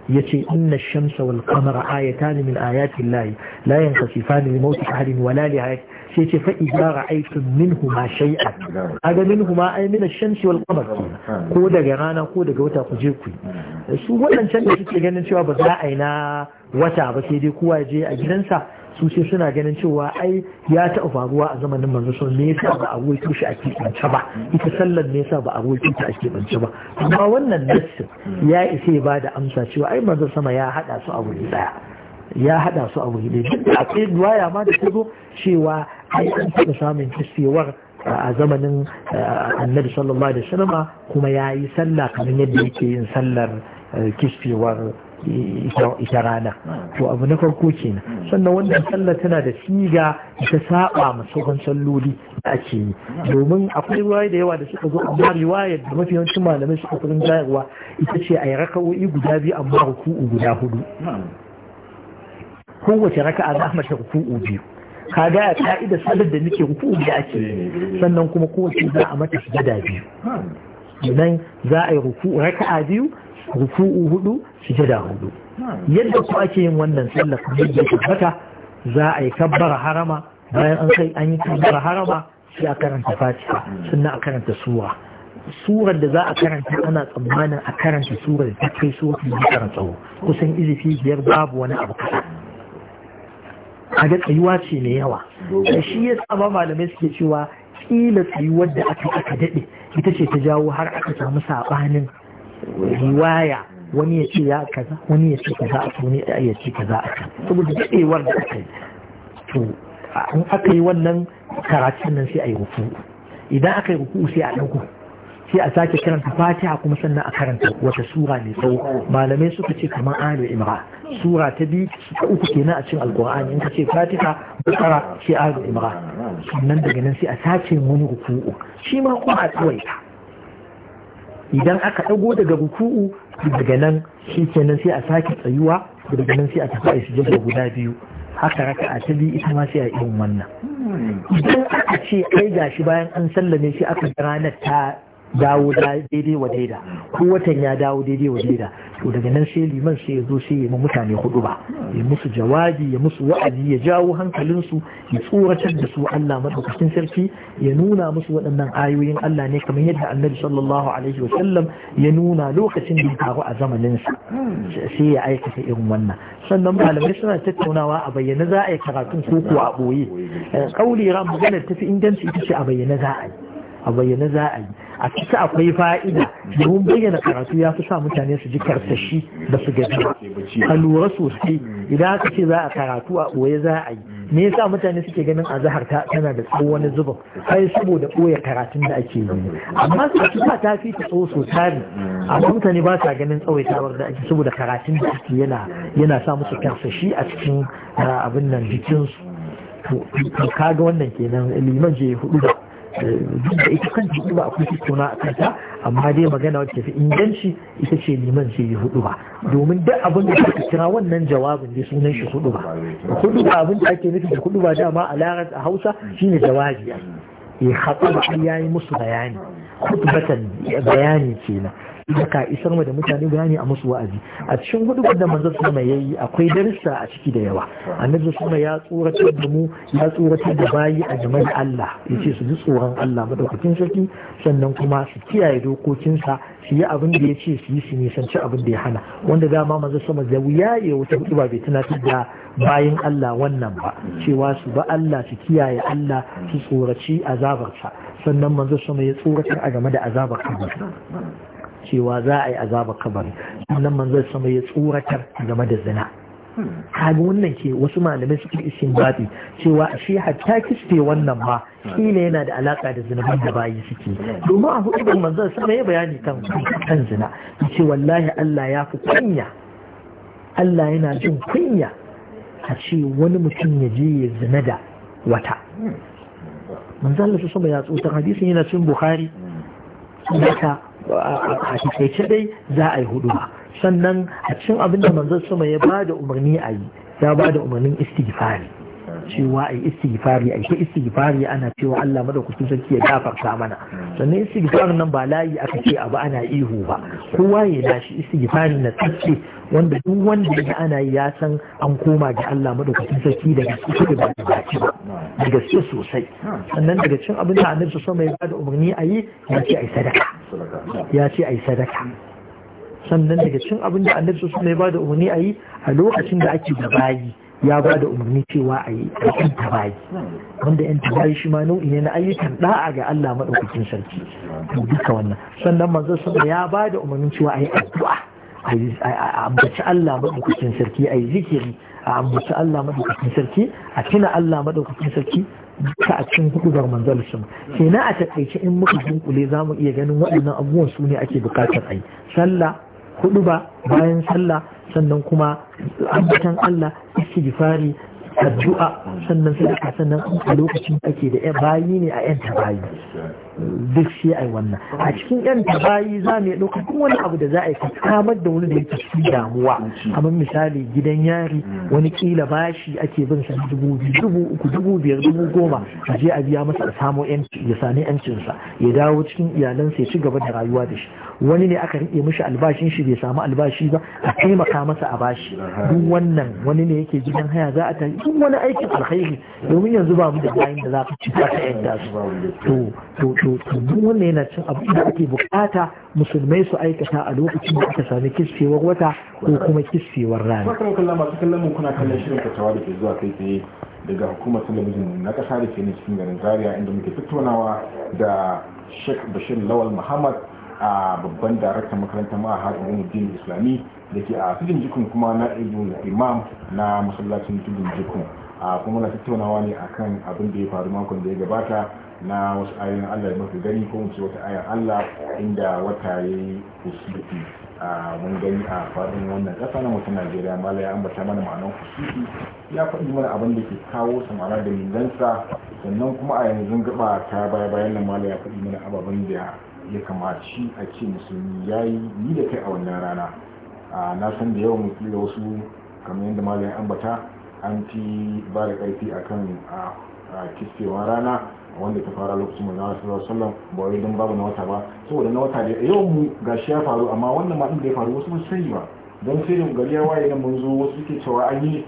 yace inna shamsa wal qamara ayatan min ayati llahi la yanqasifani li mawti ahadin wala li sai ce fa idza ra'aytum minhuma A ga minhuma aimina min ash-shamsi wal kamar ko daga rana ko daga wata ku je ku su waɗancan da suke ganin cewa ba za a yi na wata ba sai dai kowa je a gidansa su sai suna ganin cewa ai ya taɓa faruwa a zamanin manzo sun me yasa ba a wuce shi a keɓance ba ita sallar me yasa ba a wuce ta a keɓance ba amma wannan nassi ya isa ba da amsa cewa ai manzo sama ya haɗa su a wuri ɗaya ya haɗa su a wuri ɗaya duk da duwaya ma da ta zo cewa ai samun kisiyowar a zamanin annabi sallallahu alaihi wasallam kuma ya yi sallah kamar yadda yake yin sallar eh, kisiyowar ita rana to abu na farko kenan sannan wannan sallah tana da siga ta saba ma salloli da ake yi domin akwai ruwaye da yawa da suka zo amma riwayar da mafi yawancin malamai suka kurin jayarwa ita ce a yi raka'o'i guda biyu amma ruku'u guda hudu kowace raka'a za mata ruku'u biyu kaga ya ka'ida salar da muke ruku da ake sannan kuma kowace za a mata sujada biyu nan za a yi ruku raka'a biyu ruku'u hudu sujada hudu yadda ku ake yin wannan sallar kamar ya tabbata za a yi kabbara harama bayan an kai an yi kabbara harama sai a karanta fatiha sannan a karanta sura surar da za a karanta ana tsammanin a karanta surar da ta kai surar da ta tsawo kusan izifi biyar babu wani abu kaɗan kaga tsayuwa ce mai yawa da shi ya sa malamai suke cewa kila tsayuwar da aka aka daɗe ita ce ta jawo har aka samu sabanin riwaya wani ya ce ya kaza wani ya ce kaza a wani ya ce kaza a kan saboda daɗewar da aka yi to in aka yi wannan karatun nan sai a yi ruku idan aka yi ruku sai a ɗauko sai a sake karanta fatiha kuma sannan a karanta wata sura mai tsawo malamai suka ce kamar alu imra sura ta biyu ta uku kenan a cikin alkur'ani in ka ce fatiha bakara sai alu imran sannan daga nan sai a sace wani ruku'u shi ma kuma a tsawaita idan aka dago daga ruku'u daga nan shi kenan sai a sake tsayuwa daga nan sai a tafi a sujada guda biyu haka raka a tabi ita ma sai a irin wannan idan aka ce ai gashi bayan an sallame shi aka ranar ta dawo daidai wa daida ko watan ya dawo daidai wa daida to daga nan sai liman sai ya zo sai ya mutane hudu ba ya musu jawabi ya musu wa'azi ya jawo hankalinsu ya tsoratar da su Allah madaukakin sarki ya nuna musu waɗannan ayoyin Allah ne kamar yadda annabi sallallahu alaihi wa sallam ya nuna lokacin da ya faru a zamanin sa sai ya aikata irin wannan sannan malamai suna tattaunawa a bayyana za a yi karatun koko a boye kauli eh, ran maganar tafi inganci ita ce a bayyana za a yi a bayyana za a yi a ciki akwai fa'ida domin bayyana karatu ya fi sa mutane su ji karsashi da su gaji a lura sosai idan aka ce za a karatu a ɓoye za a yi me yasa mutane suke ganin a zahar ta tana da tsawo wani zubin kai saboda ɓoye karatun da ake yi amma su ta ta fi ta tsawo tari amma mutane ba sa ganin tsawaitawar da ake saboda karatun da ake yana yana sa musu karsashi a cikin abin nan jikinsu to kaga wannan kenan liman je hudu da duk da ita kan hudu ba akwai tattauna a kanta amma dai magana wacce fi inganci ita ce liman zai yi hudu ba domin duk abin da suka kira wannan jawabin dai sunan shi hudu ba hudu ba abin da ake nufi da hudu ba dama a larar a hausa shine jawabi ya eh, haɗu da ya yi musu bayani hutubatan bayani kenan Ka isar mu da mutane bayani a musu wa'azi a cikin hudubar da manzo ya yayi akwai darussa a ciki da yawa annabi sunna ya tsoratar da mu ya tsoratar da bayi a jama'i Allah yace su ji tsoron Allah madaukakin sarki sannan kuma su kiyaye dokokinsa su yi abin da ya ce su yi su nisanci abin da ya hana wanda dama manzo sama da wuya ya wata hudu ba bai tunatar da bayin Allah wannan ba cewa su ba Allah su kiyaye Allah su tsoraci azabarsa sannan manzo sunna ya tsoratar a game da azabar kabarsa cewa za a yi azaba kabari sannan manzon sama ya tsoratar game da zina kaga wannan ke wasu malamai suke isin babi cewa shi hatta kiste wannan ma ne yana da alaka da zinabin da bayi suke domin a hudu da manzon sama ya bayani kan kan zina ce wallahi Allah ya fi kunya Allah yana jin kunya a ce wani mutum ya je ya zina da wata manzon Allah sama ya tsotar hadisin yana cin Bukhari a cikin dai za a yi hudu sannan a cikin abin da manzon sama ya ba da umarni a yi ya ba da umarnin istighfari cewa ai istighfari ai ta istighfari ana cewa Allah madaukakin sarki ya gafarta mana sannan istighfar nan ba layi aka ce abu ana ihu ba kowa ya shi istighfari na tsaki wanda duk wanda ya ana ya san an koma ga Allah madaukakin sarki daga cikin da ba ci ba da gaske sosai sannan daga cikin abin da annabi sosai mai bada umarni a yi ya ce ai sadaka ya ce ai sadaka sannan daga cikin abin da annabi sosai mai bada umarni a yi a lokacin da ake da bayi ya ba da umarni cewa a yi ɗan tabayi wanda yan tabayi shi ma nau'i ne na ayyukan da'a ga Allah maɗaukakin sarki to duka wannan sannan manzo sun ya ba da umarnin cewa a yi addu'a a ambaci Allah maɗaukakin sarki a yi zikiri a ambaci Allah maɗaukakin sarki a tuna Allah maɗaukakin sarki duka a cikin hukumar manzal sun kenan a takaice in muka dunkule za mu iya ganin waɗannan abubuwan su ne ake buƙatar a yi sallah hudu ba bayan sallah sannan kuma ambatan Allah istighfari addu'a sannan sadaka sannan a lokacin ake da bayi ne a yanta bayi duk shi ai wannan a cikin yan tabayi za mu yi dauka duk wani abu da za a yi kamar da wani da yake cikin damuwa kamar misali gidan yari wani kila bashi ake bin sa dubu dubu uku dubu biyar dubu goma a je a biya masa a samo ya sami sa ya dawo cikin iyalansa ya ci gaba da rayuwa da shi wani ne aka rike mishi albashin shi bai samu albashi ba a taimaka masa a bashi duk wannan wani ne yake gidan haya za a ta duk wani aikin alkhairi domin yanzu ba mu da bayan da za ka ci ka yadda su to to to duk wannan yana cin abu da ake bukata musulmai su aikata a lokacin da aka sami kissewar wata ko kuma kissewar rana. kuma kallon masu kallon mu kuna kallon shirin fatawa da ke zuwa kai tsaye daga hukumar talabijin na kasa da ke ne cikin garin Zaria inda muke tattaunawa da Sheikh Bashir Lawal Muhammad a babban daraktan makarantar ma'ahar Umuddin Islami da ke a tudun jikun kuma na imam na masallacin tudun jikun. kuma na tattaunawa ne akan abin da ya faru makon da ya gabata na wasu ayoyin Allah ya mutu gani ko muke wata ayar Allah inda wata ya yi kusurfi a mun gani a faɗin wannan ƙasa na wata Najeriya mala ya ambata mana ma'anar kusurfi ya faɗi mana abin da ke kawo samara da lindansa sannan kuma a yanzu gaba ta baya bayan nan mala ya faɗi mana ababen da ya kamaci a ce musulmi ya yi ni da kai a wannan rana na san da yawan da wasu kamar yadda mala ya ambata an fi ba da ƙarfi akan a kiskewa rana wanda ta fara lokacin manzo Allah sallallahu alaihi wasallam ba wai dan babu na wata ba saboda na wata da yau mu gashi ya faru amma wannan ma din da ya faru wasu ba sani ba dan sai da gari ya waye nan mun zo wasu suke cewa an yi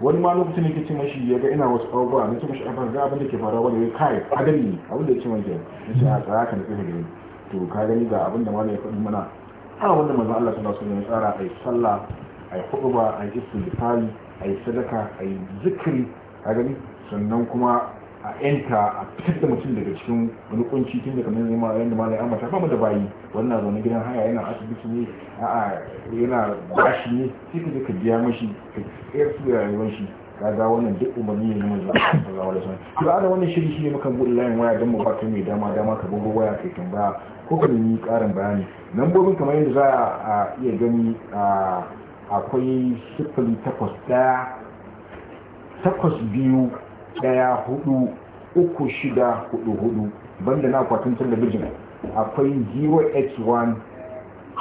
wani ma lokacin yake ce mashi ya ga ina wasu abubuwa na ce mashi a banza abin da ke faruwa wani kai adali ne abin da ya ce mai da ya ce a tsara ka nufi da to ka gani ga abin da malai ya faɗi mana a wanda manzo Allah sallallahu alaihi wasallam ya tsara a yi sallah a yi ai a yi sadaka ai zikiri ka gani sannan kuma a yanta a fitar da mutum daga cikin wani kunci tun da kamar nema yadda ma ba mu da bayi wannan zaune gidan haya yana asibiti ne a'a yana bashi ne sai ka je ka biya mashi ka tsayar su da rayuwar shi za wannan duk umarni ne mun zuwa Allah wa shiri shi ne muka buɗe layin waya don mu ba kai mai dama dama ka bugo waya kai tambaya ko ka yi ƙarin bayani lambobin kamar yadda za a iya gani akwai sifili takwas ɗaya takwas biyu daya hudu uku shida hudu hudu banda na akwatin talabijin akwai 081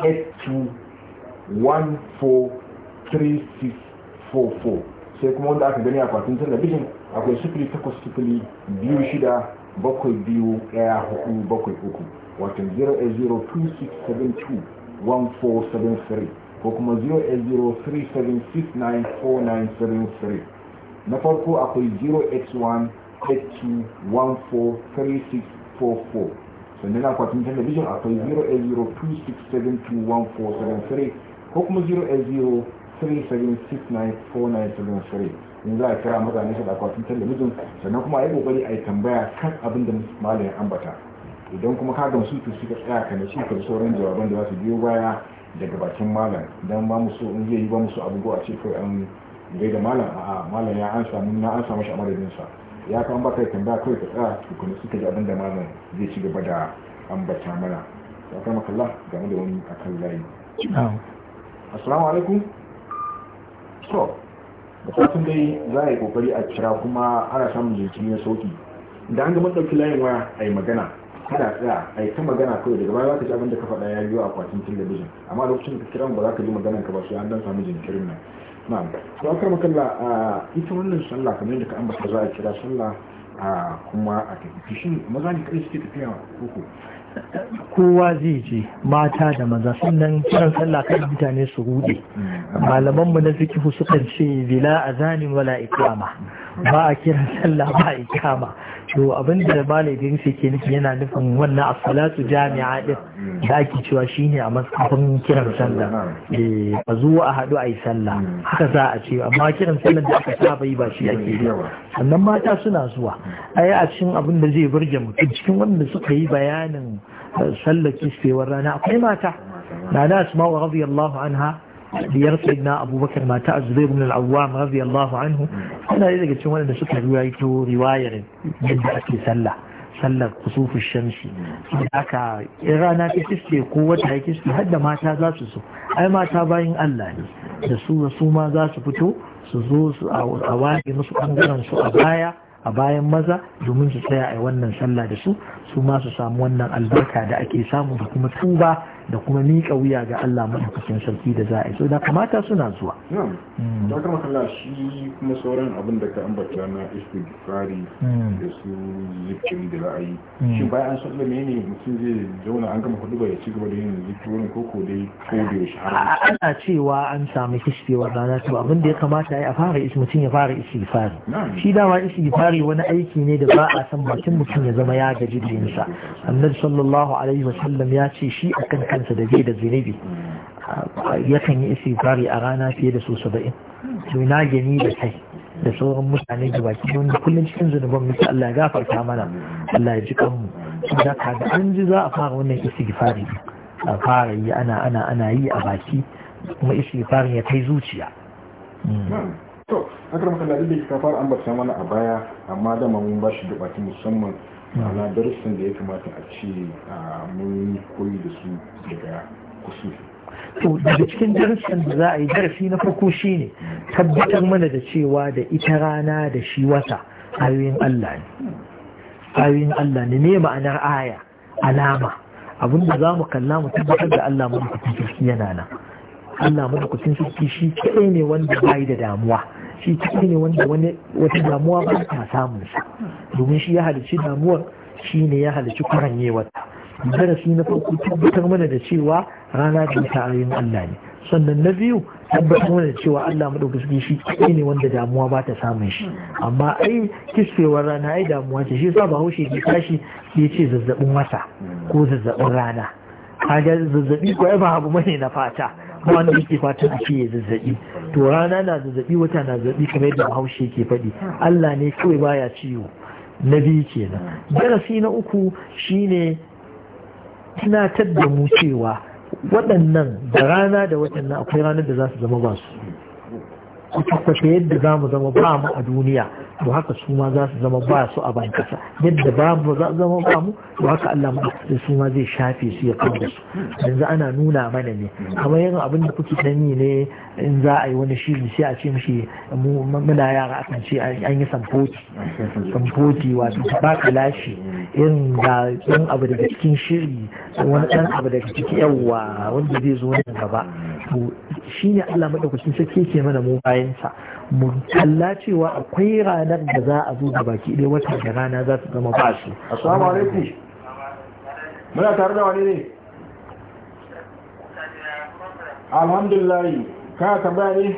82 143644 sai kuma wanda aka gani akwatin talabijin akwai sifili takwas sifili biyu shida bakwai biyu daya hudu bakwai uku wato ko kuma 08037694973 na farko akwai 0x1-8214-3644 sannan akwatin talabijin akwai 0 x 0 267 ko kuma 0x0-3769-4973 in za a kira mutane su da akwatin talabijin sannan kuma a yi kokari a yi tambaya kan abin da ya ambata idan kuma ka gamsu to suka tsaya ka nace ka sauran jawaban da za su biyo baya daga bakin malam dan ba mu so in zai yi ba mu so abubuwa a ce kawai an dai da malam a'a malam ya an samu na an samu shi a madadin sa ya kan baka tambaya kai ka tsaya tukuna suka ji abinda malam zai ci gaba da ambata mana ya kama kalla game da wani akan layi assalamu alaikum so da fatan dai za a yi kokari a kira kuma ana samun jinkiri ya sauki da an gama ɗauki layin waya a yi magana kada tsaya a yi ta magana kawai daga baya za ka ji abinda ka faɗa ya yiwu a kwatin telebijin amma lokacin da ka kira ba za ka ji maganar ka ba sai an dan samu jinkirin nan na'am to kalla makalla ita wannan sallah kamar yadda ka ambata za a kira sallah kuma a tafi shin maza ne kai suke tafiya koko kowa zai je mata da maza sannan kiran sallah kan mutane su rude mm. malaman mu na fikihu sukan ce bila azanin wala ikrama ba a kira sallah ba a ikama to abinda da malai idris yake nufi yana nufin wannan as-salatu jami'a din da ake cewa shine a masakafin kiran sallah eh a zo a haɗu a yi sallah haka za a ce amma kiran sallah da aka saba yi ba shi ake yi sannan mata suna zuwa ai a cikin abin da zai burge mutum cikin wanda suka yi bayanin eh, sallar kisfewar rana akwai mata na da asma'u radiyallahu anha biyar sayyidina abubakar mata a zubairu min al'awwam radiyallahu anhu yana da daga cikin waɗanda suka riwayato riwayar yadda ake sallah sallar kusufu shamsi aka in rana ta kiske ko wata ya kiske hadda mata za su so ai mata bayan Allah ne da su su ma za su fito su zo su a wani musu bangaren su a baya a bayan maza domin su tsaya a wannan sallah da su su ma su samu wannan albarka da ake samu da kuma tuba da kuma miƙa wuya ga Allah maɗaukakin sarki da za a yi so da kamata suna zuwa. Hmm. Da kama kalla shi kuma sauran abin da ka ambata na istighfari hmm. da su zikiri da za a yi. Hmm. Shi bayan an sallah ne ne mutum zai zauna an gama hudu ya ci gaba da yin zikirin ko ko dai ko da ya shahara. Ana cewa an samu kishewar rana to abin da ya kamata ya fara isi mutum ya fara istighfari. Shi dama istighfari wani aiki ne da ba a san bakin mutum ya zama ya gaji da yinsa. Annabi sallallahu alaihi wa sallam ya ce shi akan kansa da zai da zunubi yakan yi istighfari a rana fiye da su saba'in to na gani da kai da sauran mutane da baki wanda kullum cikin zunuban muke Allah ya gafarta mana Allah ya ji kanmu da ka da an ji za a fara wannan istighfari a fara yi ana ana ana yi a baki kuma istighfarin ya kai zuciya to akram kan da ka fara ambata mana a baya amma da mun ba shi dubaki musamman ma'ana darussan da ya kamata a ce mun koyi da su daga kusur to daga cikin darussan da za a yi darasi na farko shi ne tabbatar mana da cewa da ita rana da shi wata ayoyin Allah ne ayoyin Allah ne ne ma'anar aya alama abinda za mu kalla mu tabbatar da Allah madaukakin sarki yana nan Allah madaukakin sarki shi kai ne wanda bai da damuwa shi cikin ne wanda wani wata damuwa ba ta samun sa domin shi ya halici damuwar shi ne ya halicci kuranyewar darasi na farko tabbatar mana da cewa rana da ta ayoyin Allah ne sannan na biyu tabbatar mana da cewa Allah maɗaukaki shi cikin ne wanda damuwa ba ta samun shi amma ai kiskewar rana ai damuwa ce shi yasa bahaushe ya tashi ya ce zazzabin wata ko zazzabin rana kaga zazzabi ko ba abu bane na fata ba wanda yake fatan a ce ya zazzabi to rana na zazzaɓi, wata na zazzaɓi, kamar yadda bahaushe ke faɗi Allah ne kawai baya ciwo na biyu kenan darasi na uku shine tunatar da mu cewa waɗannan da rana da watan akwai ranar da za su zama ba su kusa yadda za mu zama ba mu a duniya ba haka su ma za su zama ba su a ban kasa yadda ba mu za zama ba mu ba haka Allah ma da su ma zai shafe su ya kawo su yanzu ana nuna mana ne amma yin abin da kuke gani ne in za a yi wani shiri sai a ce mishi muna yara akan ce an yi samfoti samfoti wato ba ka lashe irin da ɗan abu daga cikin shiri wani ɗan abu daga cikin yawwa wanda zai zo nan gaba shi ne Allah maɗaukacin sarki ke mana mu bayansa mu kalla cewa akwai ranar da za a zo da baki ɗaya wata da rana za su zama ba su assalamu alaikum muna tare da wani ne alhamdulillah ka tambaya ne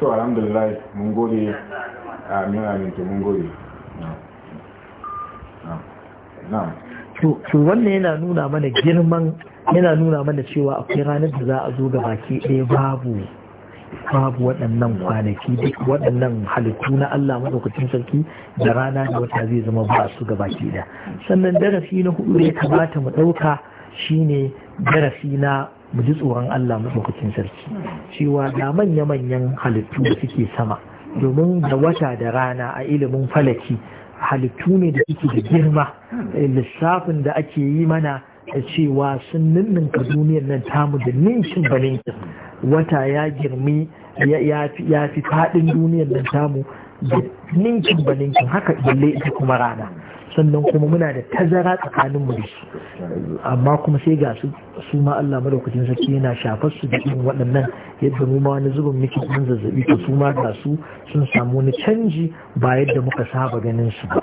to alhamdulillah mun gode amin amin to mun gode na'am to wannan yana nuna mana girman yana nuna mana cewa akwai ranar da za a zo ga baki ɗaya babu babu waɗannan kwanaki duk waɗannan halittu na Allah maɗaukacin sarki da rana da wata zai zama ba su ga baki ɗaya sannan darasi na hudu da ya kamata mu ɗauka shine darasi na mu ji tsoron Allah maɗaukacin sarki cewa ga manya-manyan halittu da suke sama domin da wata da rana a ilimin falaki halittu ne da suke da girma lissafin da ake yi mana da cewa sun ninninka duniyar nan tamu da ninkin balinkin wata ya girmi ya fi faɗin duniyar nan tamu da ninkin balinkin haka balle ita kuma rana sannan kuma muna da tazara tsakanin mu amma kuma sai ga su su ma Allah madaukakin sarki yana shafar su da irin waɗannan yadda mu ma wani zubin muke ɗan zazzabi to su ma ga su sun samu wani canji ba yadda muka saba ganin su ba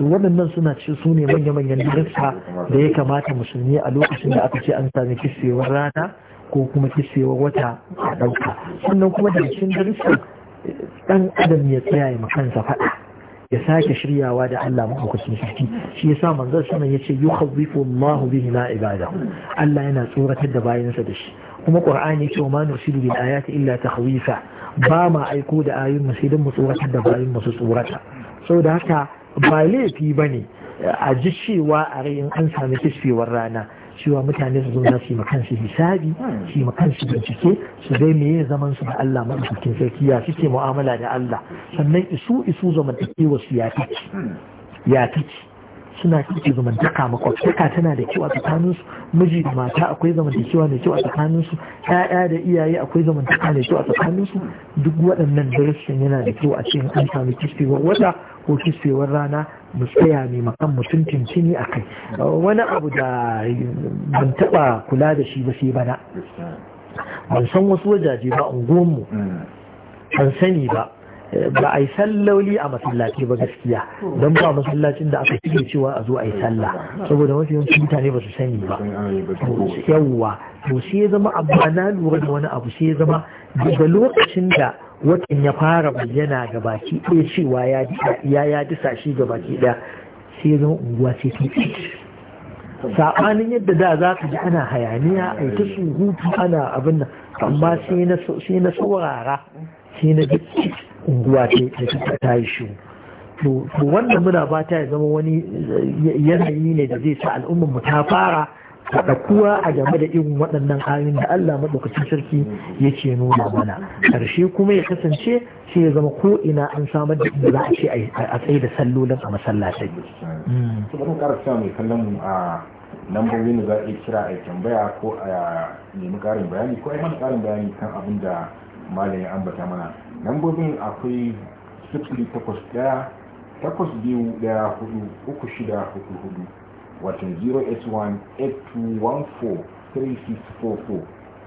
waɗannan suna ce su ne manya-manyan darussa da ya kamata musulmi a lokacin da aka ce an sami kisewar rana ko kuma kisewar wata a ɗauka sannan kuma da cikin darussan ɗan adam ya tsaya ya makansa faɗa ya sake shiryawa da Allah mahaukacin sarki shi yasa manzon sunan ya ce yukhawwifu Allahu bihi na ibadahu Allah yana tsoratar da bayansa da shi kuma Qur'ani ce ma nursilu bil ayati illa takhwifa ba ma aiko da ayoyin mu sai dan mu tsoratar da bayin mu su tsorata saboda haka ba laifi ba ne a ji cewa a rai an sami kishewar rana cewa mutane su zauna su kansu hisabi su kansu bincike su dai meye zaman su da Allah madaukakin sarki ya suke mu'amala da Allah sannan isu isu kewa su ya tace ya tace suna da zamantaka kwakwaka tana da kyau a tsakanin su miji da mata akwai zamantakewa mai kyau a tsakanin su da iyaye akwai zamantaka mai kyau a tsakanin su duk waɗannan darasin yana da kyau a cikin an sami kishewar wata ko kisewar rana mu tsaya mai makan mutum cini a kai wani abu da ban taba kula da shi ba sai bana ban san wasu wajaje ba unguwanmu ban sani ba ba a yi salloli a masallaci ba gaskiya don ba masallacin da aka fiye cewa a zo a yi sallah saboda mafi yawancin mutane ba su sani ba yawwa to sai ya zama abu na lura da wani abu sai ya zama daga lokacin da watan ya fara bayyana ga baki ɗaya cewa ya ya disa shi ga baki ɗaya sai zama unguwa sai ta saɓanin yadda da za ka ji ana hayaniya a su hutu ana abin nan amma sai na saurara sai na ji unguwa ta yi shi to wannan muna ba ta ya zama wani yanayi ne da zai sa al'ummar mu ta fara kuwa a game da irin waɗannan ayoyin da Allah maɗaukacin sarki yake nuna mana ƙarshe kuma ya kasance shi ya zama ko ina an samar da inda za a ce a tsaye da sallolin a masallatai. Kuma mm. ƙara mai kallon mu a lambobin da za a kira a tambaya ko a nemi ƙarin bayani ko a yi mana ƙarin bayani kan abin da ya ambata mana. Lambobin akwai sifili takwas ɗaya takwas biyu ɗaya hudu uku shida hudu hudu wato 081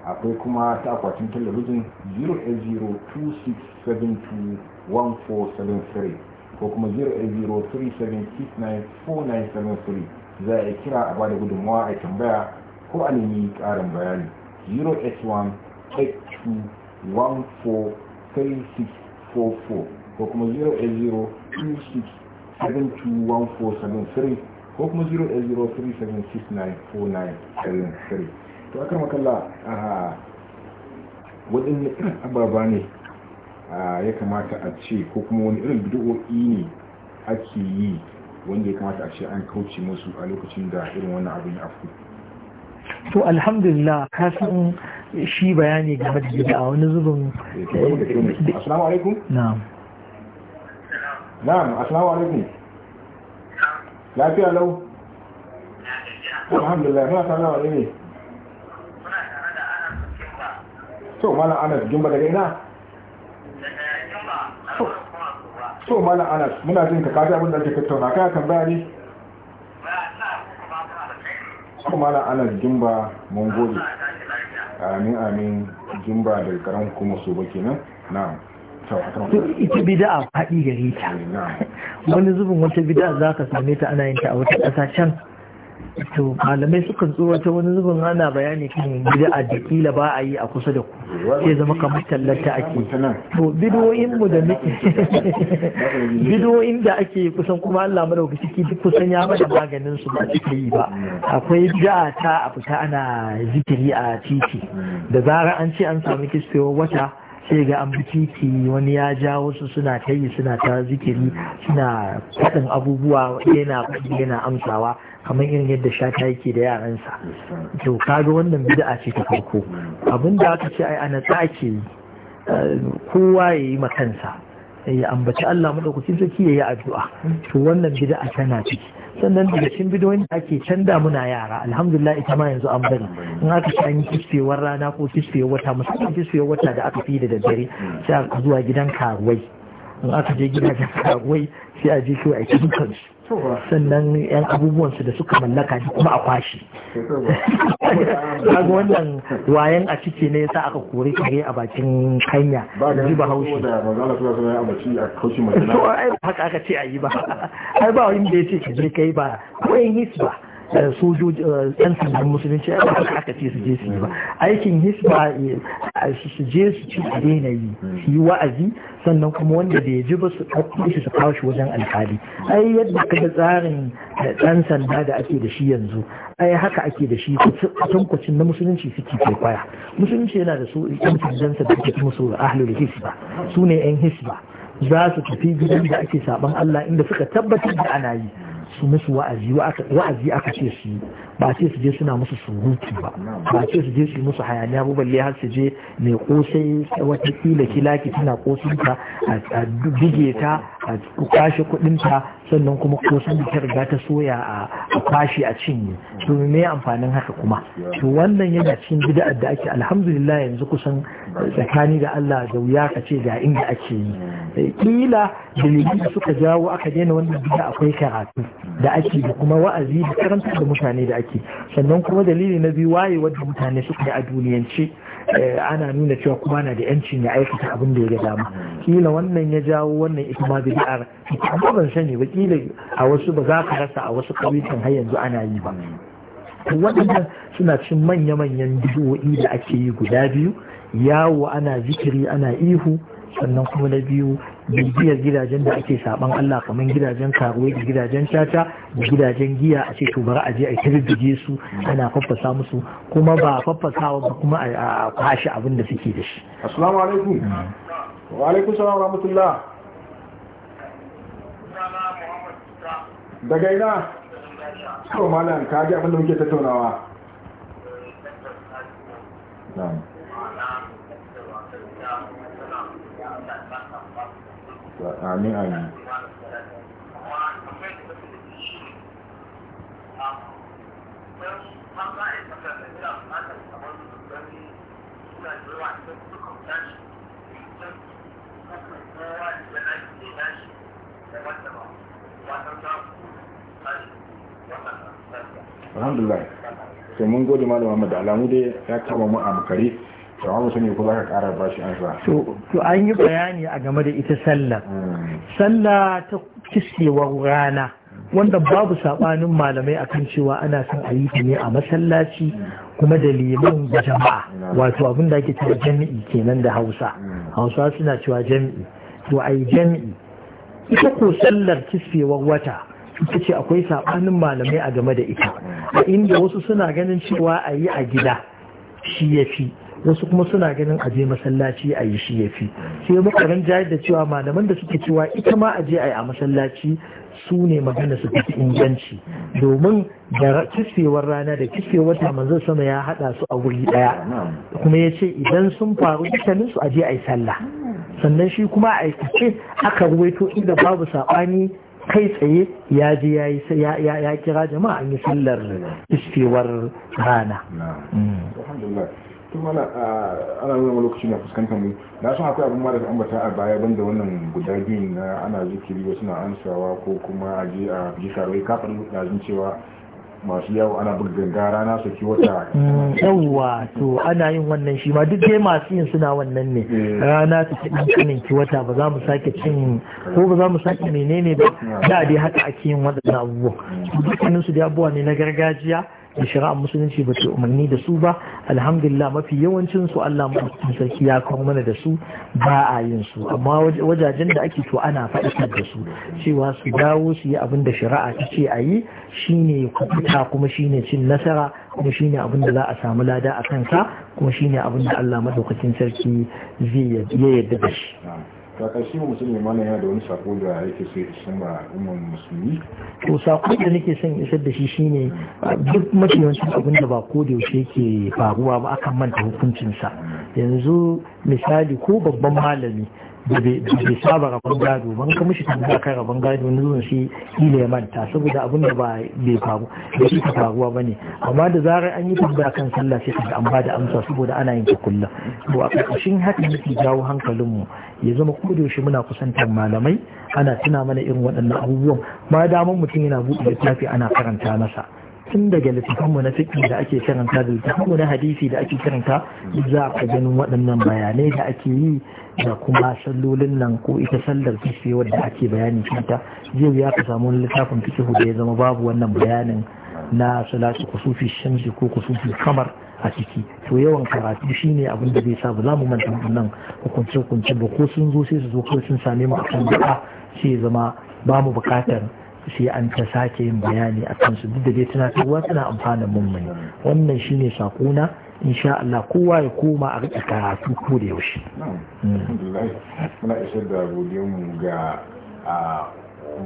akwai kuma ta akwatin talabijin 08026721473 ko kuma 08037694973 za a kira a bada gudunmawa a tambaya ko a nemi karin bayani 081 ko kuma ko kuma 08037694973 to akan makalla a ah, waɗanne irin ababa ne ah, ya kamata a ce ko kuma wani irin bidiyo'i ne ake yi wanda ya kamata a ce an kauce musu a lokacin da irin wannan abin ya afu to alhamdulillah ka san shi bayani game da bid'a wani zubin eh, asalamu eh, alaikum na'am na'am asalamu alaikum lafiya lau alhamdulillah na sana wa ne so malam anas jumba daga ina so malam anas muna jin ka kaji abin da ake tattauna kai kan bayani so malam anas jumba mun gode amin amin jumba da karan kuma su ba kenan na'am ita bida a haɗi gare ta eh, wani zubin wata bida za ka same ta ana yin ta a wata ƙasa can to malamai sukan tsorata wani zubin ana bayani kan gida da al-dakila ba a yi a kusa da ku sai zama kamar tallata ake to bidoyin mu da muke bidoyin da ake kusan kuma Allah madauki ciki duk kusan ya bada maganin su ba cikin yi ba akwai bid'a ta a fita ana zikiri a titi da zarar an ce an sami kisfewar wata sai ga an titi wani ya ja wasu suna ta suna ta zikiri suna faɗin abubuwa yana faɗi yana amsawa kamar irin yadda shata yake da yaransa to kaga wannan bid'a ce ta farko abinda aka ce ai ana tsaki eh, kowa yayi yi kansa. ya ambaci Allah madaukakin sarki yayi addu'a to wannan a tana ciki sannan daga cikin bidiyoyin da ake canda muna yara alhamdulillah ita ma yanzu an bari in aka ci an yi kiskewar rana ko kiskewar wata musamman kiskewar wata da aka fi da daddare sai zuwa gidan karuwai in aka je gidajen kawai sai a je kawai a cikin kansu sannan yan abubuwansu da suka mallaka shi kuma a kwashi kaga wannan wayan a cike ne yasa aka kore kare a bakin hanya ji ba haushi yi ba haka aka ce a yi ba ai ba wani da ya ce ka je kai ba wayan ba? Eh, sojoji ɗan eh, sandan musulunci ya ba aka ce su je su yi ba aikin hisba eh, su je su ci daina yi su yi wa'azi sannan kuma wanda bai ji ba su ɗauko shi su kawo shi wajen alkali ai yadda ka tsarin ɗan sanda da ake da shi yanzu ai haka ake da shi kusan na musulunci suke kwaya musulunci yana da su ɗan sandansa da ake musu ahlul hisba su ne 'yan hisba za su tafi gidan da ake saban Allah inda suka tabbatar da ana yi su musu wa'azi wa'azi aka ce su yi ba ce su je suna musu surutu ba ba ce su je su musu hayaniya ba balle har su je mai kosai wata kila kilaki tana kosinta a bige ta a kashe kudinta sannan kuma kosan da ta riga ta soya a kashi a cinye to me amfanin haka kuma to wannan yana cikin bid'a da ake alhamdulillah yanzu kusan eh, tsakani da Allah da wuya ka ce ga inda ake yi kila eh, dalilin da suka jawo aka daina wannan bida akwai karatu da ake da kuma wa'azi da karanta da mutane da ake sannan kuma dalili na biyu waye wanda mutane suka yi a duniyance eh, ana nuna cewa kuma na da yancin ya aikata abin da ya ga dama kila wannan ya jawo wannan ita ma bid'ar amma ban sani ba kila a wasu ba za ka rasa a wasu kauyukan har yanzu ana yi ba waɗannan suna cin manya-manyan bidiyoyi da ake yi guda biyu yawo ana zikiri ana ihu sannan kuma na biyu bibiyar gidajen da ake saban Allah kamar gidajen karuwa da gidajen caca da gidajen giya a ce to bari a je a kirgije su ana faffasa musu kuma ba faffasawa ba kuma a kwashe abin da suke da shi assalamu alaikum wa alaikum salam wa rahmatullah daga ina to malam ka ji abin da muke tattaunawa na'am amin amin alhamdulillah sai mun gode malama da alamu dai ya kama mu a makare to an yi bayani a game da ita sallah sallah ta kisewar rana wanda babu saɓanin malamai akan cewa ana son a yi ne a masallaci kuma da liman da jama'a wato abin da ake cewa jami'i kenan da hausa hausa suna cewa jami'i to a yi jami'i ita ko sallar kisewar wata ita ce akwai saɓanin malamai a game da ita a inda wasu suna ganin cewa a yi a gida shi ya fi wasu kuma suna ganin aje masallaci a yi shi ya fi sai makarin jayar da cewa malaman da suke cewa ita ma aje a yi a masallaci su ne magana su fi inganci domin da kifewar rana da kifewar ta manzo sama ya hada su a wuri daya kuma ya ce idan sun faru dukkanin su aje a yi sallah sannan shi kuma a aikace aka ruwaito inda babu saɓani kai tsaye ya je ya kira jama'a an yi sallar rana. kuma ana nuna lokaci na fuskantar mu na san haka abin ma da ambata a baya banda wannan guda biyun na ana zikiri wasu na ansawa ko kuma a je a ji karuwai kafin lazin cewa masu yawo ana buga ganga rana su ki wata mm, yawwa to ana yin wannan shi ma duk dai masu yin suna wannan ne eh. rana su ci ɗanƙanin ki wata ba za mu sake cin ko ba za mu sake menene ba da dai haka ake yin waɗannan abubuwa mm. dukkaninsu su dai abubuwa ne na gargajiya da shari'ar musulunci ba ta umarni da su ba alhamdulillah mafi yawancin su Allah mutum sarki ya kawo mana da su ba a yin su amma wajajen da ake to ana faɗi da su cewa su dawo su yi abin da shari'a ta ce a yi shine kuɓuta kuma shine cin nasara kuma shine abin da za a samu lada a kansa kuma shine abin da Allah madaukakin sarki zai yarda da shi ta ƙarshe mu musulmi mana yana da wani sako da yake so ya isar ba al'ummar musulmi to sako da nake son isar da shi shine duk mafi yawancin abin da ba ko da yaushe ke faruwa ba akan manta hukuncinsa yanzu misali ko babban malami da bai saba rabon gado ban ka mishi tambaya kai rabon gado ne zuwa shi kila ya manta saboda abin da ba bai faru ba shi faruwa bane amma da zarar an yi tambaya kan sallah sai ka an bada amsa saboda ana yin ta kullum to a ƙarƙashin haka yake jawo hankalin mu ya zama ko shi yaushe muna kusantar malamai ana tuna mana irin waɗannan abubuwan ma daman mutum yana buɗe littafi ana karanta masa tun daga littafanmu na fiƙi da ake karanta da littafanmu na hadisi da ake karanta za a ganin waɗannan bayanai da ake yi da kuma sallolin nan ko ita sallar fiƙi wadda ake bayani kanta zai ya ka samu wani littafin fiƙihu da ya zama babu wannan bayanin na salatu kusufi shamsi ko kusufi kamar a ciki to yawan karatu shine abin da zai sa ba za mu manta wannan hukunce hukunce ba ko sun zo sai su zo ko sun same mu kan da'a sai zama ba mu bukatar sai an ta sake yin bayani a kansu duk da dai kowa tana amfanin mummuni wannan shine in insha Allah kowa ya koma a riƙa karatu ko da yaushe muna isar da mu ga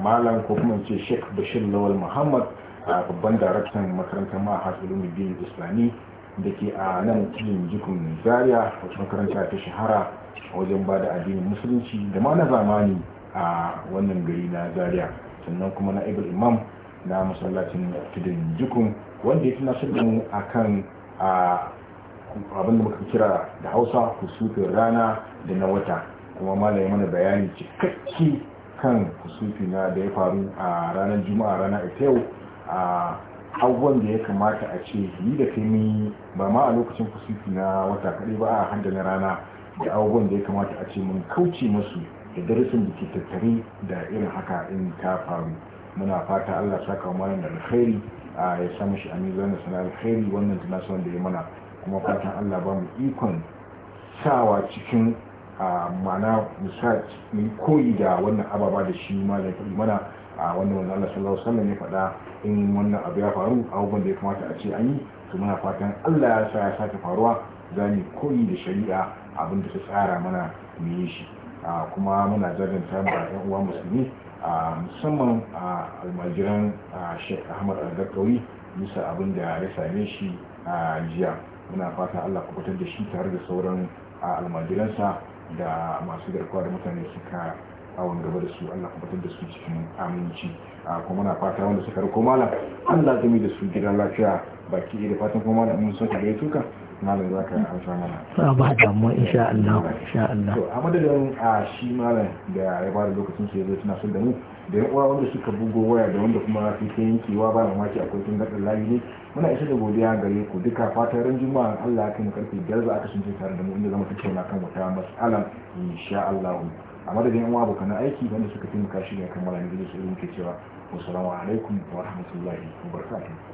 malam ko kuma ce Sheikh Bashir Lawal Muhammad babban daraktan makarantar Mahad Ulumuddin Islami da ke a nan cikin jikun Zaria wacce makaranta ta shahara wajen ba da addinin musulunci da ma na zamani a wannan gari na Zariya. sannan kuma na ibil imam na masallacin tudun jikun wanda ya tuna shirin a kan abin da muka kira da hausa kusufin rana da na wata kuma malaye mana bayani cikakki kan kusufi na da ya faru a ranar juma'a rana ta yau a abubuwan da ya kamata a ce ni da kai ba ma a lokacin kusufi na wata kaɗai ba a handa na rana da abubuwan da ya kamata a ce mun kauce masu. da darasin da ke tattare da irin haka in ta faru muna fata allah saka malam da alkhairi a ya samu shi a mizanin sana alkhairi wannan tunasuwan da ya mana kuma fatan allah ba mu ikon sawa cikin ma'ana mu koyi da wannan ababa da shi malam faɗi mana a wannan wanda allah sallallahu alaihi ya faɗa in wannan abu ya faru abubuwan da ya kamata a ce an yi su muna fatan allah ya sa ya sake faruwa za mu koyi da shari'a abin da ta tsara mana mu yi shi kuma muna jajanta tambaya yan uwa musulmi a musamman a almajiran sheikh ahmad al-gaggawi musa abin da ya same shi a jiya muna fata allah kubutar da shi tare da sauran almajiransa da masu garkuwa da mutane suka awon gaba da su allah kubutar da su cikin aminci kuma muna fata wanda suka riko malam allah gami da su gidan lafiya baki da fatan kuma malam mun sauka da ya tuka malam za ka amsa mana sa ba damuwa insha Allah insha Allah to a madadin a shi malam da ya bada lokacin shi zai tuna sun da mu da yan uwa wanda suka bugo waya da wanda kuma su ke yankewa ba mamaki akwai tun daɗin layi ne muna isa da godiya gare ku duka fatan ran juma'a Allah ya kai mu karfe biyar za a kasance tare da mu inda zamu tattauna kan wata mas'ala insha Allah a madadin yan uwa abokan aiki wanda suka taimaka shi ne kan malam da su irin ke cewa wassalamu alaikum wa rahmatullahi wa barakatuh